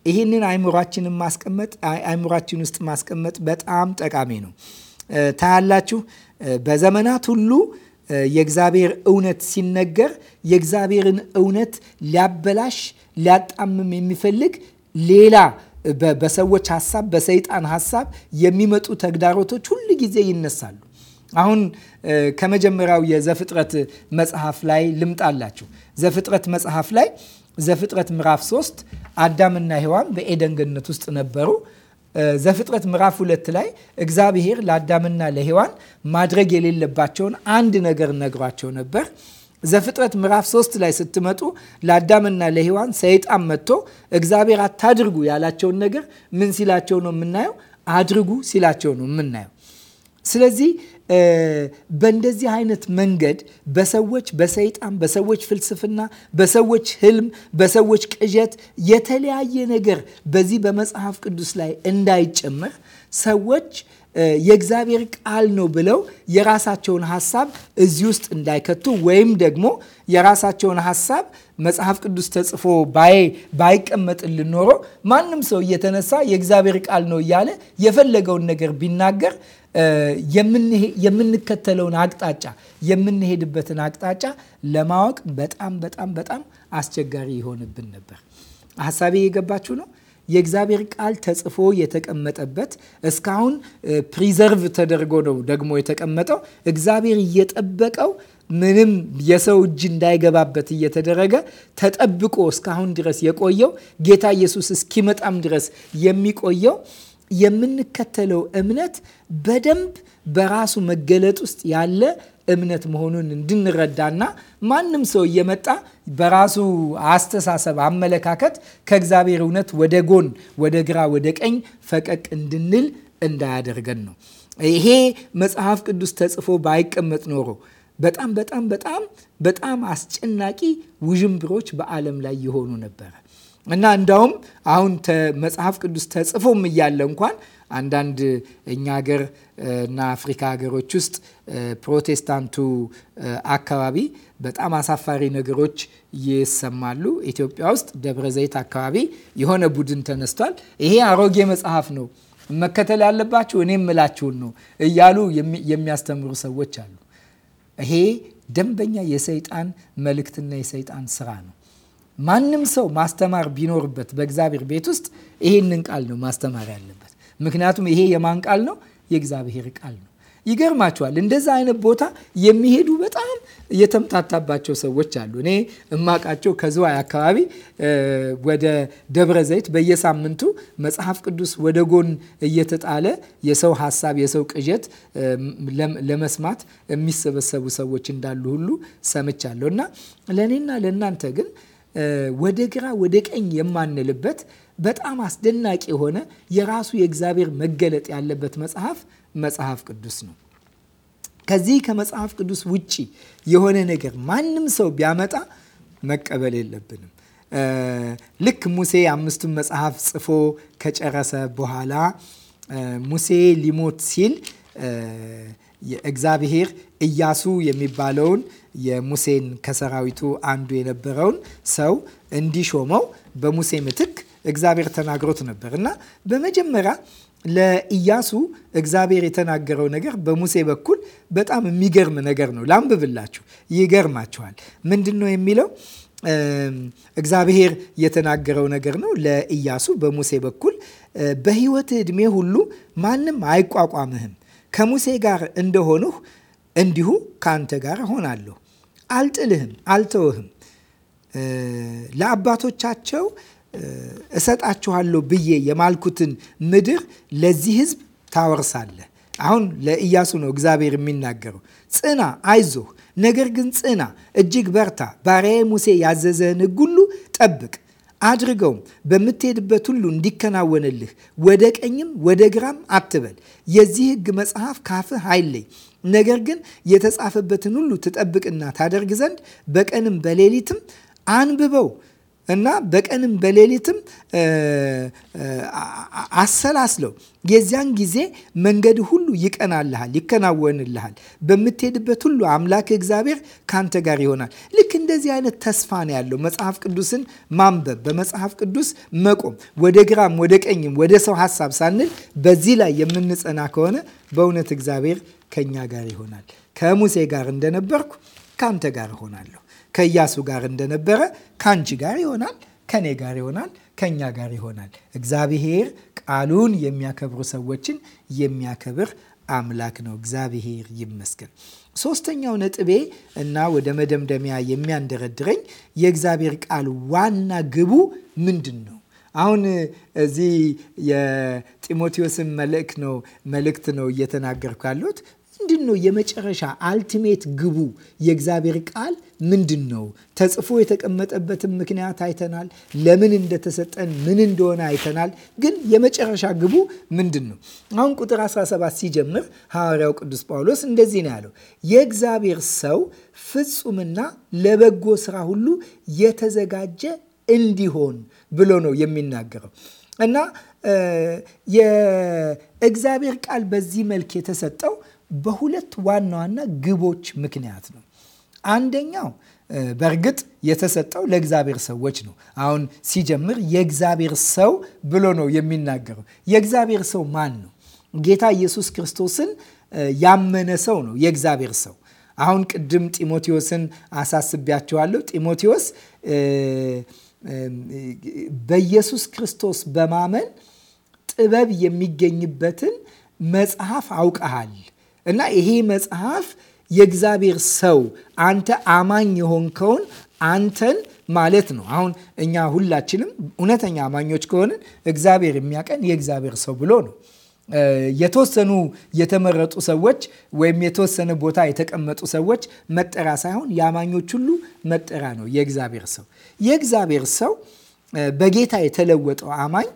ይህንን አይምሯችንን ማስቀመጥ አይምሯችን ውስጥ ማስቀመጥ በጣም ጠቃሚ ነው። ታያላችሁ በዘመናት ሁሉ የእግዚአብሔር እውነት ሲነገር የእግዚአብሔርን እውነት ሊያበላሽ ሊያጣምም የሚፈልግ ሌላ በሰዎች ሀሳብ፣ በሰይጣን ሀሳብ የሚመጡ ተግዳሮቶች ሁል ጊዜ ይነሳሉ። አሁን ከመጀመሪያው የዘፍጥረት መጽሐፍ ላይ ልምጣላችሁ። ዘፍጥረት መጽሐፍ ላይ ዘፍጥረት ምዕራፍ 3 አዳምና ሔዋን በኤደን ገነት ውስጥ ነበሩ። ዘፍጥረት ምዕራፍ ሁለት ላይ እግዚአብሔር ለአዳምና ለሔዋን ማድረግ የሌለባቸውን አንድ ነገር ነግሯቸው ነበር። ዘፍጥረት ምዕራፍ ሶስት ላይ ስትመጡ ለአዳምና ለሔዋን ሰይጣን መጥቶ እግዚአብሔር አታድርጉ ያላቸውን ነገር ምን ሲላቸው ነው የምናየው? አድርጉ ሲላቸው ነው የምናየው። ስለዚህ በእንደዚህ አይነት መንገድ በሰዎች በሰይጣን በሰዎች ፍልስፍና በሰዎች ህልም በሰዎች ቅዠት የተለያየ ነገር በዚህ በመጽሐፍ ቅዱስ ላይ እንዳይጨምር ሰዎች የእግዚአብሔር ቃል ነው ብለው የራሳቸውን ሀሳብ እዚህ ውስጥ እንዳይከቱ ወይም ደግሞ የራሳቸውን ሀሳብ መጽሐፍ ቅዱስ ተጽፎ ባይቀመጥልን ኖሮ ማንም ሰው እየተነሳ የእግዚአብሔር ቃል ነው እያለ የፈለገውን ነገር ቢናገር የምንከተለውን አቅጣጫ የምንሄድበትን አቅጣጫ ለማወቅ በጣም በጣም በጣም አስቸጋሪ ይሆንብን ነበር። ሀሳቤ የገባችሁ ነው? የእግዚአብሔር ቃል ተጽፎ የተቀመጠበት እስካሁን ፕሪዘርቭ ተደርጎ ነው ደግሞ የተቀመጠው። እግዚአብሔር እየጠበቀው ምንም የሰው እጅ እንዳይገባበት እየተደረገ ተጠብቆ እስካሁን ድረስ የቆየው ጌታ ኢየሱስ እስኪመጣም ድረስ የሚቆየው የምንከተለው እምነት በደንብ በራሱ መገለጥ ውስጥ ያለ እምነት መሆኑን እንድንረዳና ማንም ሰው እየመጣ በራሱ አስተሳሰብ፣ አመለካከት ከእግዚአብሔር እውነት ወደ ጎን፣ ወደ ግራ፣ ወደ ቀኝ ፈቀቅ እንድንል እንዳያደርገን ነው። ይሄ መጽሐፍ ቅዱስ ተጽፎ ባይቀመጥ ኖሮ በጣም በጣም በጣም በጣም አስጨናቂ ውዥንብሮች በዓለም ላይ የሆኑ ነበረ እና እንዳውም አሁን መጽሐፍ ቅዱስ ተጽፎም እያለ እንኳን አንዳንድ እኛ ሀገር እና አፍሪካ ሀገሮች ውስጥ ፕሮቴስታንቱ አካባቢ በጣም አሳፋሪ ነገሮች ይሰማሉ። ኢትዮጵያ ውስጥ ደብረ ዘይት አካባቢ የሆነ ቡድን ተነስቷል። ይሄ አሮጌ መጽሐፍ ነው መከተል ያለባችሁ እኔም ምላችሁን ነው እያሉ የሚያስተምሩ ሰዎች አሉ። ይሄ ደንበኛ የሰይጣን መልእክትና የሰይጣን ስራ ነው። ማንም ሰው ማስተማር ቢኖርበት በእግዚአብሔር ቤት ውስጥ ይሄንን ቃል ነው ማስተማር ያለበት። ምክንያቱም ይሄ የማን ቃል ነው? የእግዚአብሔር ቃል ነው። ይገርማቸዋል። እንደዛ አይነት ቦታ የሚሄዱ በጣም የተምታታባቸው ሰዎች አሉ። እኔ እማቃቸው ከዝዋይ አካባቢ ወደ ደብረ ዘይት በየሳምንቱ መጽሐፍ ቅዱስ ወደ ጎን እየተጣለ የሰው ሀሳብ፣ የሰው ቅዠት ለመስማት የሚሰበሰቡ ሰዎች እንዳሉ ሁሉ ሰምቻለሁ እና ለእኔና ለእናንተ ግን ወደ ግራ ወደ ቀኝ የማንልበት በጣም አስደናቂ የሆነ የራሱ የእግዚአብሔር መገለጥ ያለበት መጽሐፍ መጽሐፍ ቅዱስ ነው። ከዚህ ከመጽሐፍ ቅዱስ ውጪ የሆነ ነገር ማንም ሰው ቢያመጣ መቀበል የለብንም። ልክ ሙሴ አምስቱን መጽሐፍ ጽፎ ከጨረሰ በኋላ ሙሴ ሊሞት ሲል እግዚአብሔር እያሱ የሚባለውን የሙሴን ከሰራዊቱ አንዱ የነበረውን ሰው እንዲሾመው በሙሴ ምትክ እግዚአብሔር ተናግሮት ነበር እና በመጀመሪያ ለኢያሱ እግዚአብሔር የተናገረው ነገር በሙሴ በኩል በጣም የሚገርም ነገር ነው። ላንብብላችሁ፣ ይገርማችኋል። ምንድን ነው የሚለው? እግዚአብሔር የተናገረው ነገር ነው ለኢያሱ በሙሴ በኩል በሕይወት ዕድሜ ሁሉ ማንም አይቋቋምህም። ከሙሴ ጋር እንደሆንሁ እንዲሁ ከአንተ ጋር እሆናለሁ፣ አልጥልህም፣ አልተውህም። ለአባቶቻቸው እሰጣችኋለሁ ብዬ የማልኩትን ምድር ለዚህ ህዝብ ታወርሳለህ። አሁን ለኢያሱ ነው እግዚአብሔር የሚናገረው። ጽና፣ አይዞህ፣ ነገር ግን ጽና፣ እጅግ በርታ፣ ባሪያዬ ሙሴ ያዘዘህን ህግ ሁሉ ጠብቅ አድርገውም በምትሄድበት ሁሉ እንዲከናወንልህ ወደ ቀኝም ወደ ግራም አትበል። የዚህ ህግ መጽሐፍ ካፍህ አይለይ። ነገር ግን የተጻፈበትን ሁሉ ትጠብቅና ታደርግ ዘንድ በቀንም በሌሊትም አንብበው እና በቀንም በሌሊትም አሰላስለው የዚያን ጊዜ መንገድ ሁሉ ይቀናልሃል፣ ይከናወንልሃል። በምትሄድበት ሁሉ አምላክ እግዚአብሔር ካንተ ጋር ይሆናል። ልክ እንደዚህ አይነት ተስፋ ነው ያለው መጽሐፍ ቅዱስን ማንበብ፣ በመጽሐፍ ቅዱስ መቆም፣ ወደ ግራም ወደ ቀኝም ወደ ሰው ሀሳብ ሳንል በዚህ ላይ የምንጸና ከሆነ በእውነት እግዚአብሔር ከእኛ ጋር ይሆናል። ከሙሴ ጋር እንደነበርኩ ካንተ ጋር እሆናለሁ። ከኢያሱ ጋር እንደነበረ ከአንቺ ጋር ይሆናል፣ ከኔ ጋር ይሆናል፣ ከእኛ ጋር ይሆናል። እግዚአብሔር ቃሉን የሚያከብሩ ሰዎችን የሚያከብር አምላክ ነው። እግዚአብሔር ይመስገን። ሶስተኛው ነጥቤ እና ወደ መደምደሚያ የሚያንደረድረኝ የእግዚአብሔር ቃል ዋና ግቡ ምንድን ነው? አሁን እዚህ የጢሞቴዎስን መልእክት ነው መልእክት ነው እየተናገርኩ ያለሁት ምንድን ነው የመጨረሻ አልቲሜት ግቡ? የእግዚአብሔር ቃል ምንድን ነው? ተጽፎ የተቀመጠበትን ምክንያት አይተናል። ለምን እንደተሰጠን ምን እንደሆነ አይተናል። ግን የመጨረሻ ግቡ ምንድን ነው? አሁን ቁጥር 17 ሲጀምር ሐዋርያው ቅዱስ ጳውሎስ እንደዚህ ነው ያለው፣ የእግዚአብሔር ሰው ፍጹምና ለበጎ ስራ ሁሉ የተዘጋጀ እንዲሆን ብሎ ነው የሚናገረው እና የእግዚአብሔር ቃል በዚህ መልክ የተሰጠው በሁለት ዋና ዋና ግቦች ምክንያት ነው። አንደኛው በእርግጥ የተሰጠው ለእግዚአብሔር ሰዎች ነው። አሁን ሲጀምር የእግዚአብሔር ሰው ብሎ ነው የሚናገረው። የእግዚአብሔር ሰው ማን ነው? ጌታ ኢየሱስ ክርስቶስን ያመነ ሰው ነው የእግዚአብሔር ሰው። አሁን ቅድም ጢሞቴዎስን አሳስቢያቸዋለሁ ጢሞቴዎስ በኢየሱስ ክርስቶስ በማመን ጥበብ የሚገኝበትን መጽሐፍ አውቀሃል እና ይሄ መጽሐፍ የእግዚአብሔር ሰው አንተ አማኝ የሆንከውን አንተን ማለት ነው። አሁን እኛ ሁላችንም እውነተኛ አማኞች ከሆንን እግዚአብሔር የሚያቀን የእግዚአብሔር ሰው ብሎ ነው። የተወሰኑ የተመረጡ ሰዎች ወይም የተወሰነ ቦታ የተቀመጡ ሰዎች መጠሪያ ሳይሆን የአማኞች ሁሉ መጠሪያ ነው። የእግዚአብሔር ሰው የእግዚአብሔር ሰው በጌታ የተለወጠው አማኝ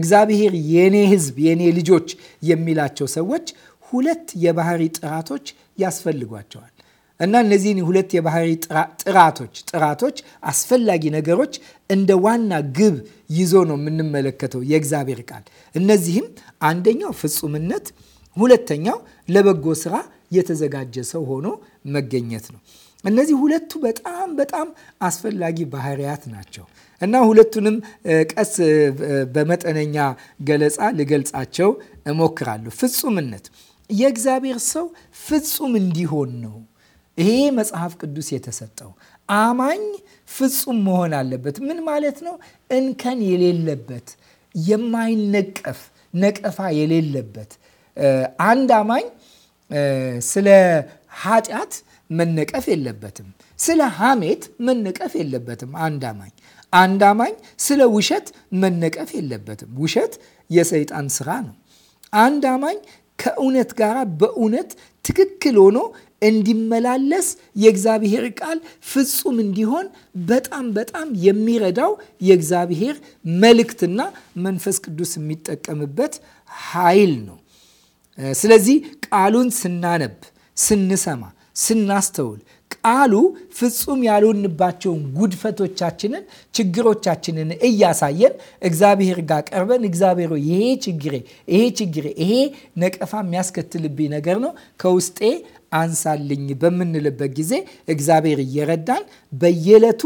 እግዚአብሔር የኔ ሕዝብ የኔ ልጆች የሚላቸው ሰዎች ሁለት የባህሪ ጥራቶች ያስፈልጓቸዋል እና እነዚህን ሁለት የባህሪ ጥራቶች ጥራቶች አስፈላጊ ነገሮች እንደ ዋና ግብ ይዞ ነው የምንመለከተው የእግዚአብሔር ቃል። እነዚህም አንደኛው ፍጹምነት፣ ሁለተኛው ለበጎ ስራ የተዘጋጀ ሰው ሆኖ መገኘት ነው። እነዚህ ሁለቱ በጣም በጣም አስፈላጊ ባህሪያት ናቸው እና ሁለቱንም ቀስ በመጠነኛ ገለጻ ልገልጻቸው እሞክራለሁ። ፍጹምነት የእግዚአብሔር ሰው ፍጹም እንዲሆን ነው ይሄ መጽሐፍ ቅዱስ የተሰጠው። አማኝ ፍጹም መሆን አለበት። ምን ማለት ነው? እንከን የሌለበት፣ የማይነቀፍ፣ ነቀፋ የሌለበት። አንድ አማኝ ስለ ኃጢአት መነቀፍ የለበትም። ስለ ሐሜት መነቀፍ የለበትም። አንድ አማኝ አንድ አማኝ ስለ ውሸት መነቀፍ የለበትም። ውሸት የሰይጣን ስራ ነው። አንድ አማኝ ከእውነት ጋር በእውነት ትክክል ሆኖ እንዲመላለስ የእግዚአብሔር ቃል ፍጹም እንዲሆን በጣም በጣም የሚረዳው የእግዚአብሔር መልእክትና መንፈስ ቅዱስ የሚጠቀምበት ኃይል ነው። ስለዚህ ቃሉን ስናነብ፣ ስንሰማ፣ ስናስተውል ቃሉ ፍጹም ያልሆንባቸውን ጉድፈቶቻችንን፣ ችግሮቻችንን እያሳየን እግዚአብሔር ጋር ቀርበን እግዚአብሔር ይሄ ችግሬ ይሄ ችግሬ ይሄ ነቀፋ የሚያስከትልብኝ ነገር ነው ከውስጤ አንሳልኝ በምንልበት ጊዜ እግዚአብሔር እየረዳን በየዕለቱ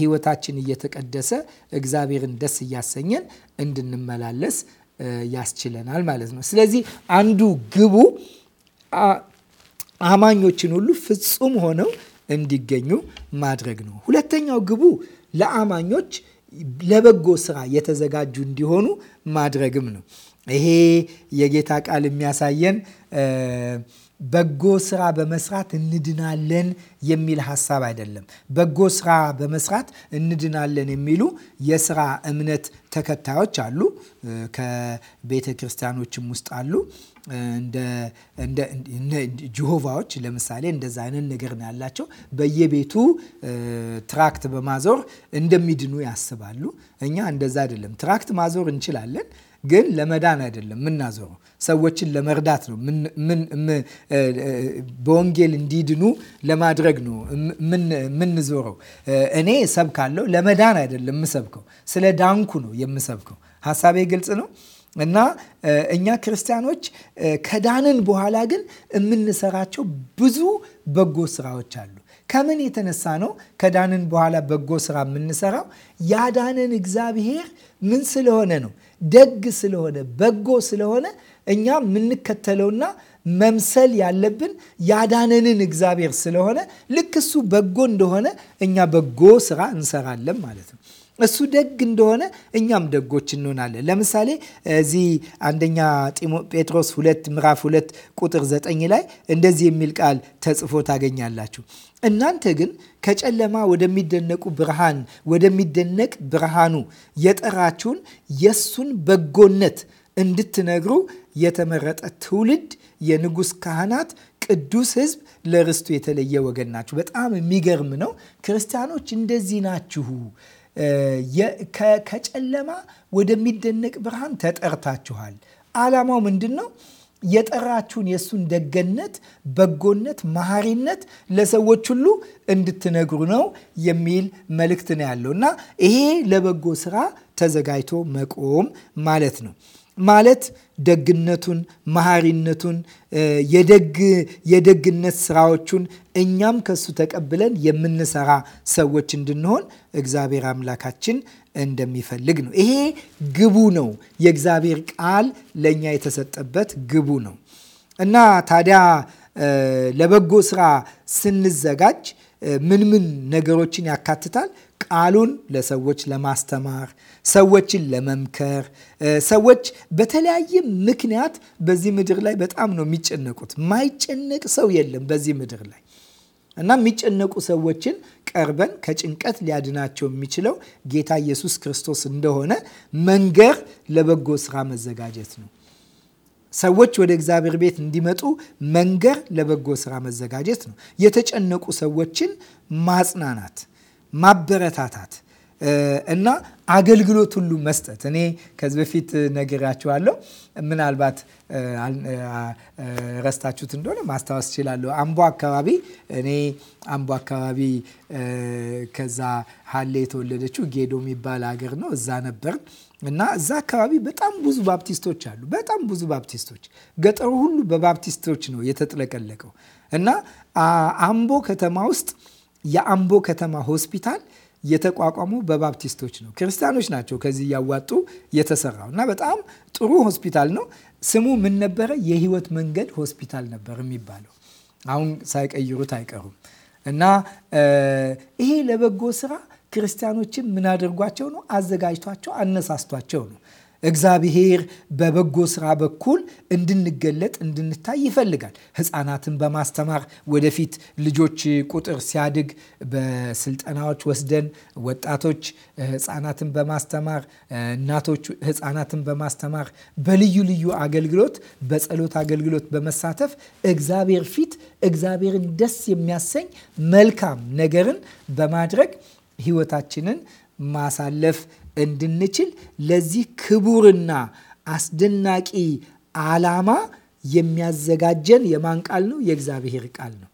ሕይወታችን እየተቀደሰ እግዚአብሔርን ደስ እያሰኘን እንድንመላለስ ያስችለናል ማለት ነው። ስለዚህ አንዱ ግቡ አማኞችን ሁሉ ፍጹም ሆነው እንዲገኙ ማድረግ ነው። ሁለተኛው ግቡ ለአማኞች ለበጎ ስራ የተዘጋጁ እንዲሆኑ ማድረግም ነው። ይሄ የጌታ ቃል የሚያሳየን በጎ ስራ በመስራት እንድናለን የሚል ሀሳብ አይደለም። በጎ ስራ በመስራት እንድናለን የሚሉ የስራ እምነት ተከታዮች አሉ፣ ከቤተ ክርስቲያኖችም ውስጥ አሉ። ጆሆቫዎች ለምሳሌ እንደዛ አይነት ነገር ነው ያላቸው። በየቤቱ ትራክት በማዞር እንደሚድኑ ያስባሉ። እኛ እንደዛ አይደለም። ትራክት ማዞር እንችላለን፣ ግን ለመዳን አይደለም የምናዞረው። ሰዎችን ለመርዳት ነው፣ በወንጌል እንዲድኑ ለማድረግ ነው የምንዞረው። እኔ ሰብካለው ለመዳን አይደለም የምሰብከው፣ ስለ ዳንኩ ነው የምሰብከው። ሀሳቤ ግልጽ ነው። እና እኛ ክርስቲያኖች ከዳንን በኋላ ግን የምንሰራቸው ብዙ በጎ ስራዎች አሉ። ከምን የተነሳ ነው ከዳንን በኋላ በጎ ስራ የምንሰራው? ያዳንን እግዚአብሔር ምን ስለሆነ ነው? ደግ ስለሆነ፣ በጎ ስለሆነ እኛ የምንከተለውና መምሰል ያለብን ያዳነንን እግዚአብሔር ስለሆነ ልክ እሱ በጎ እንደሆነ እኛ በጎ ስራ እንሰራለን ማለት ነው። እሱ ደግ እንደሆነ እኛም ደጎች እንሆናለን። ለምሳሌ እዚህ አንደኛ ጴጥሮስ ሁለት ምዕራፍ ሁለት ቁጥር ዘጠኝ ላይ እንደዚህ የሚል ቃል ተጽፎ ታገኛላችሁ። እናንተ ግን ከጨለማ ወደሚደነቁ ብርሃን ወደሚደነቅ ብርሃኑ የጠራችሁን የሱን በጎነት እንድትነግሩ የተመረጠ ትውልድ የንጉሥ ካህናት ቅዱስ ሕዝብ ለርስቱ የተለየ ወገን ናችሁ። በጣም የሚገርም ነው። ክርስቲያኖች እንደዚህ ናችሁ። ከጨለማ ወደሚደነቅ ብርሃን ተጠርታችኋል። ዓላማው ምንድን ነው? የጠራችሁን የእሱን ደገነት፣ በጎነት፣ መሐሪነት ለሰዎች ሁሉ እንድትነግሩ ነው የሚል መልእክት ነው ያለው እና ይሄ ለበጎ ስራ ተዘጋጅቶ መቆም ማለት ነው። ማለት ደግነቱን፣ መሐሪነቱን፣ የደግ የደግነት ስራዎቹን እኛም ከሱ ተቀብለን የምንሰራ ሰዎች እንድንሆን እግዚአብሔር አምላካችን እንደሚፈልግ ነው። ይሄ ግቡ ነው። የእግዚአብሔር ቃል ለእኛ የተሰጠበት ግቡ ነው እና ታዲያ ለበጎ ስራ ስንዘጋጅ ምን ምን ነገሮችን ያካትታል? ቃሉን ለሰዎች ለማስተማር፣ ሰዎችን ለመምከር፣ ሰዎች በተለያየ ምክንያት በዚህ ምድር ላይ በጣም ነው የሚጨነቁት። ማይጨነቅ ሰው የለም በዚህ ምድር ላይ እና የሚጨነቁ ሰዎችን ቀርበን ከጭንቀት ሊያድናቸው የሚችለው ጌታ ኢየሱስ ክርስቶስ እንደሆነ መንገር ለበጎ ስራ መዘጋጀት ነው። ሰዎች ወደ እግዚአብሔር ቤት እንዲመጡ መንገር ለበጎ ስራ መዘጋጀት ነው። የተጨነቁ ሰዎችን ማጽናናት ማበረታታት እና አገልግሎት ሁሉ መስጠት። እኔ ከዚህ በፊት ነግሬያችኋለሁ። ምናልባት ረስታችሁት እንደሆነ ማስታወስ እችላለሁ። አምቦ አካባቢ እኔ አምቦ አካባቢ ከዛ ሀሌ የተወለደችው ጌዶ የሚባል ሀገር ነው። እዛ ነበር እና እዛ አካባቢ በጣም ብዙ ባፕቲስቶች አሉ። በጣም ብዙ ባፕቲስቶች፣ ገጠሩ ሁሉ በባፕቲስቶች ነው የተጥለቀለቀው እና አምቦ ከተማ ውስጥ የአምቦ ከተማ ሆስፒታል የተቋቋመው በባፕቲስቶች ነው። ክርስቲያኖች ናቸው ከዚህ እያዋጡ የተሰራው እና በጣም ጥሩ ሆስፒታል ነው። ስሙ ምን ነበረ? የህይወት መንገድ ሆስፒታል ነበር የሚባለው። አሁን ሳይቀይሩት አይቀሩም። እና ይሄ ለበጎ ስራ ክርስቲያኖችን ምን አድርጓቸው ነው? አዘጋጅቷቸው፣ አነሳስቷቸው ነው። እግዚአብሔር በበጎ ስራ በኩል እንድንገለጥ እንድንታይ ይፈልጋል። ህፃናትን በማስተማር ወደፊት ልጆች ቁጥር ሲያድግ በስልጠናዎች ወስደን ወጣቶች ህፃናትን በማስተማር እናቶች ህፃናትን በማስተማር በልዩ ልዩ አገልግሎት በጸሎት አገልግሎት በመሳተፍ እግዚአብሔር ፊት እግዚአብሔርን ደስ የሚያሰኝ መልካም ነገርን በማድረግ ህይወታችንን ማሳለፍ እንድንችል ለዚህ ክቡርና አስደናቂ ዓላማ የሚያዘጋጀን የማን ቃል ነው? የእግዚአብሔር ቃል ነው።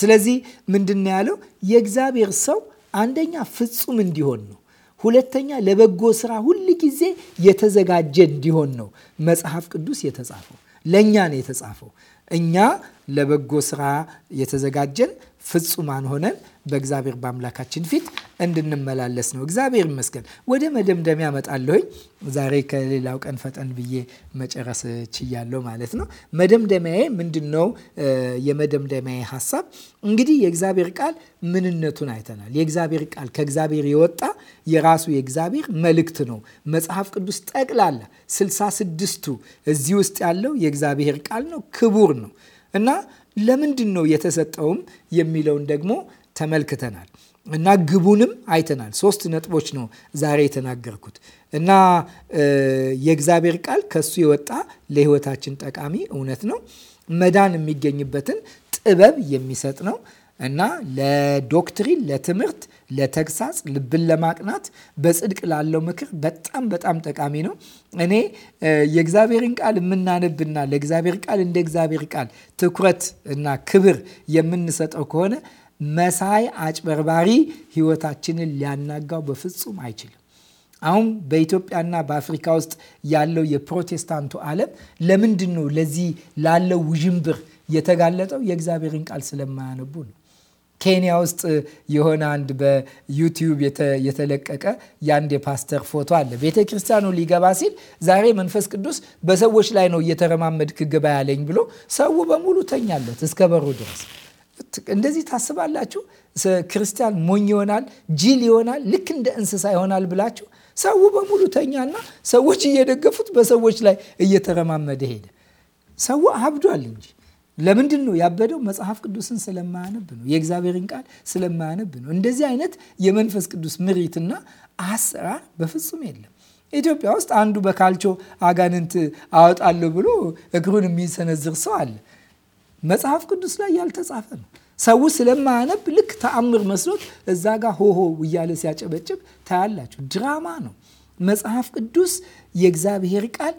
ስለዚህ ምንድን ነው ያለው? የእግዚአብሔር ሰው አንደኛ ፍጹም እንዲሆን ነው። ሁለተኛ ለበጎ ስራ ሁል ጊዜ የተዘጋጀ እንዲሆን ነው መጽሐፍ ቅዱስ የተጻፈው። ለእኛ ነው የተጻፈው። እኛ ለበጎ ስራ የተዘጋጀን ፍጹማን ሆነን በእግዚአብሔር በአምላካችን ፊት እንድንመላለስ ነው። እግዚአብሔር ይመስገን። ወደ መደምደሚያ እመጣለሁኝ። ዛሬ ከሌላው ቀን ፈጠን ብዬ መጨረስ ችያለሁ ማለት ነው። መደምደሚያዬ ምንድን ነው? የመደምደሚያዬ ሀሳብ እንግዲህ የእግዚአብሔር ቃል ምንነቱን አይተናል። የእግዚአብሔር ቃል ከእግዚአብሔር የወጣ የራሱ የእግዚአብሔር መልእክት ነው። መጽሐፍ ቅዱስ ጠቅላላ ስልሳ ስድስቱ እዚህ ውስጥ ያለው የእግዚአብሔር ቃል ነው። ክቡር ነው እና ለምንድን ነው የተሰጠውም የሚለውን ደግሞ ተመልክተናል እና ግቡንም አይተናል። ሶስት ነጥቦች ነው ዛሬ የተናገርኩት እና የእግዚአብሔር ቃል ከሱ የወጣ ለሕይወታችን ጠቃሚ እውነት ነው። መዳን የሚገኝበትን ጥበብ የሚሰጥ ነው። እና ለዶክትሪን፣ ለትምህርት፣ ለተግሳጽ፣ ልብን ለማቅናት በጽድቅ ላለው ምክር በጣም በጣም ጠቃሚ ነው። እኔ የእግዚአብሔርን ቃል የምናነብና ለእግዚአብሔር ቃል እንደ እግዚአብሔር ቃል ትኩረት እና ክብር የምንሰጠው ከሆነ መሳይ አጭበርባሪ ሕይወታችንን ሊያናጋው በፍጹም አይችልም። አሁን በኢትዮጵያና በአፍሪካ ውስጥ ያለው የፕሮቴስታንቱ ዓለም ለምንድን ነው ለዚህ ላለው ውዥንብር የተጋለጠው? የእግዚአብሔርን ቃል ስለማያነቡ ነው። ኬንያ ውስጥ የሆነ አንድ በዩቲዩብ የተለቀቀ የአንድ የፓስተር ፎቶ አለ። ቤተ ክርስቲያኑ ሊገባ ሲል ዛሬ መንፈስ ቅዱስ በሰዎች ላይ ነው እየተረማመድክ ግባ ያለኝ ብሎ ሰው በሙሉ ተኛለት እስከ በሩ ድረስ። እንደዚህ ታስባላችሁ? ክርስቲያን ሞኝ ይሆናል፣ ጅል ይሆናል፣ ልክ እንደ እንስሳ ይሆናል ብላችሁ ሰው በሙሉ ተኛና ሰዎች እየደገፉት በሰዎች ላይ እየተረማመደ ሄደ። ሰው አብዷል እንጂ ለምንድን ነው ያበደው? መጽሐፍ ቅዱስን ስለማያነብ ነው። የእግዚአብሔርን ቃል ስለማያነብ ነው። እንደዚህ አይነት የመንፈስ ቅዱስ ምሪትና አሰራር በፍጹም የለም። ኢትዮጵያ ውስጥ አንዱ በካልቾ አጋንንት አወጣለሁ ብሎ እግሩን የሚሰነዝር ሰው አለ። መጽሐፍ ቅዱስ ላይ ያልተጻፈ ነው። ሰው ስለማያነብ ልክ ተአምር መስሎት እዛ ጋር ሆሆ እያለ ሲያጨበጭብ ታያላችሁ። ድራማ ነው። መጽሐፍ ቅዱስ የእግዚአብሔር ቃል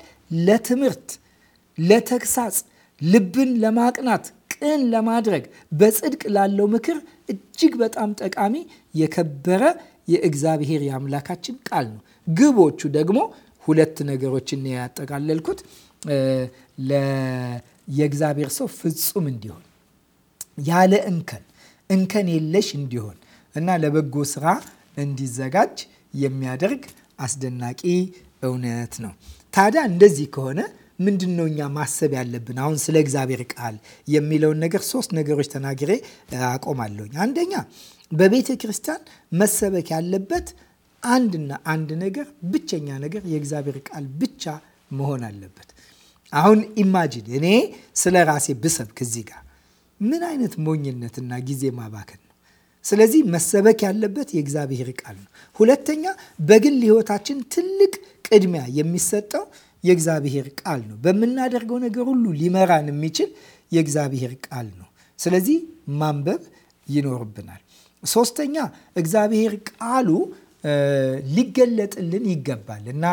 ለትምህርት ለተግሳጽ ልብን ለማቅናት ቅን ለማድረግ በጽድቅ ላለው ምክር እጅግ በጣም ጠቃሚ የከበረ የእግዚአብሔር የአምላካችን ቃል ነው። ግቦቹ ደግሞ ሁለት ነገሮችን ያጠቃለልኩት የእግዚአብሔር ሰው ፍጹም እንዲሆን ያለ እንከን እንከን የለሽ እንዲሆን እና ለበጎ ስራ እንዲዘጋጅ የሚያደርግ አስደናቂ እውነት ነው። ታዲያ እንደዚህ ከሆነ ምንድን ነው እኛ ማሰብ ያለብን አሁን ስለ እግዚአብሔር ቃል የሚለውን ነገር ሶስት ነገሮች ተናግሬ አቆማለሁኝ። አንደኛ በቤተ ክርስቲያን መሰበክ ያለበት አንድና አንድ ነገር ብቸኛ ነገር የእግዚአብሔር ቃል ብቻ መሆን አለበት። አሁን ኢማጂን እኔ ስለ ራሴ ብሰብክ እዚህ ጋር ምን አይነት ሞኝነትና ጊዜ ማባከን ነው። ስለዚህ መሰበክ ያለበት የእግዚአብሔር ቃል ነው። ሁለተኛ በግል ሕይወታችን ትልቅ ቅድሚያ የሚሰጠው የእግዚአብሔር ቃል ነው። በምናደርገው ነገር ሁሉ ሊመራን የሚችል የእግዚአብሔር ቃል ነው። ስለዚህ ማንበብ ይኖርብናል። ሶስተኛ እግዚአብሔር ቃሉ ሊገለጥልን ይገባል እና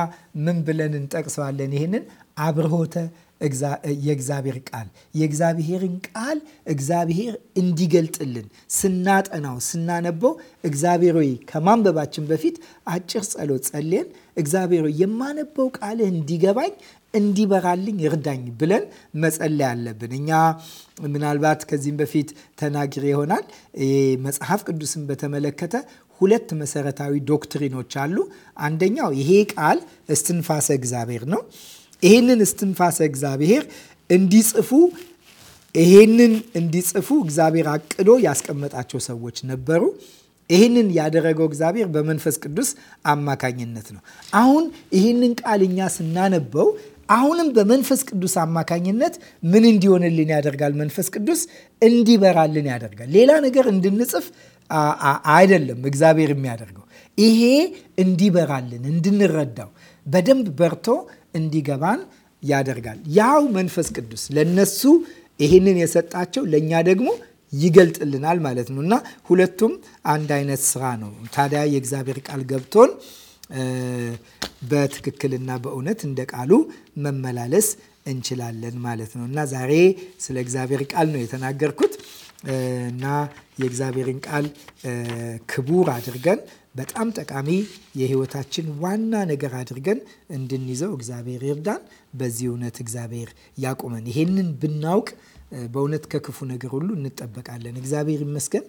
ምን ብለን እንጠቅሰዋለን? ይህንን አብርሆተ የእግዚአብሔር ቃል የእግዚአብሔርን ቃል እግዚአብሔር እንዲገልጥልን ስናጠናው ስናነበው እግዚአብሔር ሆይ ከማንበባችን በፊት አጭር ጸሎት ጸልየን እግዚአብሔር ሆይ የማነበው ቃልህ እንዲገባኝ እንዲበራልኝ እርዳኝ ብለን መጸለይ አለብን። እኛ ምናልባት ከዚህም በፊት ተናግሬ ይሆናል መጽሐፍ ቅዱስን በተመለከተ ሁለት መሰረታዊ ዶክትሪኖች አሉ። አንደኛው ይሄ ቃል እስትንፋሰ እግዚአብሔር ነው። ይሄንን እስትንፋሰ እግዚአብሔር እንዲጽፉ ይሄንን እንዲጽፉ እግዚአብሔር አቅዶ ያስቀመጣቸው ሰዎች ነበሩ። ይህንን ያደረገው እግዚአብሔር በመንፈስ ቅዱስ አማካኝነት ነው። አሁን ይህንን ቃል እኛ ስናነበው አሁንም በመንፈስ ቅዱስ አማካኝነት ምን እንዲሆንልን ያደርጋል? መንፈስ ቅዱስ እንዲበራልን ያደርጋል። ሌላ ነገር እንድንጽፍ አይደለም እግዚአብሔር የሚያደርገው። ይሄ እንዲበራልን እንድንረዳው በደንብ በርቶ እንዲገባን ያደርጋል። ያው መንፈስ ቅዱስ ለነሱ ይህንን የሰጣቸው ለእኛ ደግሞ ይገልጥልናል ማለት ነው እና ሁለቱም አንድ አይነት ስራ ነው። ታዲያ የእግዚአብሔር ቃል ገብቶን በትክክልና በእውነት እንደ ቃሉ መመላለስ እንችላለን ማለት ነው እና ዛሬ ስለ እግዚአብሔር ቃል ነው የተናገርኩት እና የእግዚአብሔርን ቃል ክቡር አድርገን በጣም ጠቃሚ የህይወታችን ዋና ነገር አድርገን እንድንይዘው እግዚአብሔር ይርዳን። በዚህ እውነት እግዚአብሔር ያቁመን። ይሄንን ብናውቅ በእውነት ከክፉ ነገር ሁሉ እንጠበቃለን። እግዚአብሔር ይመስገን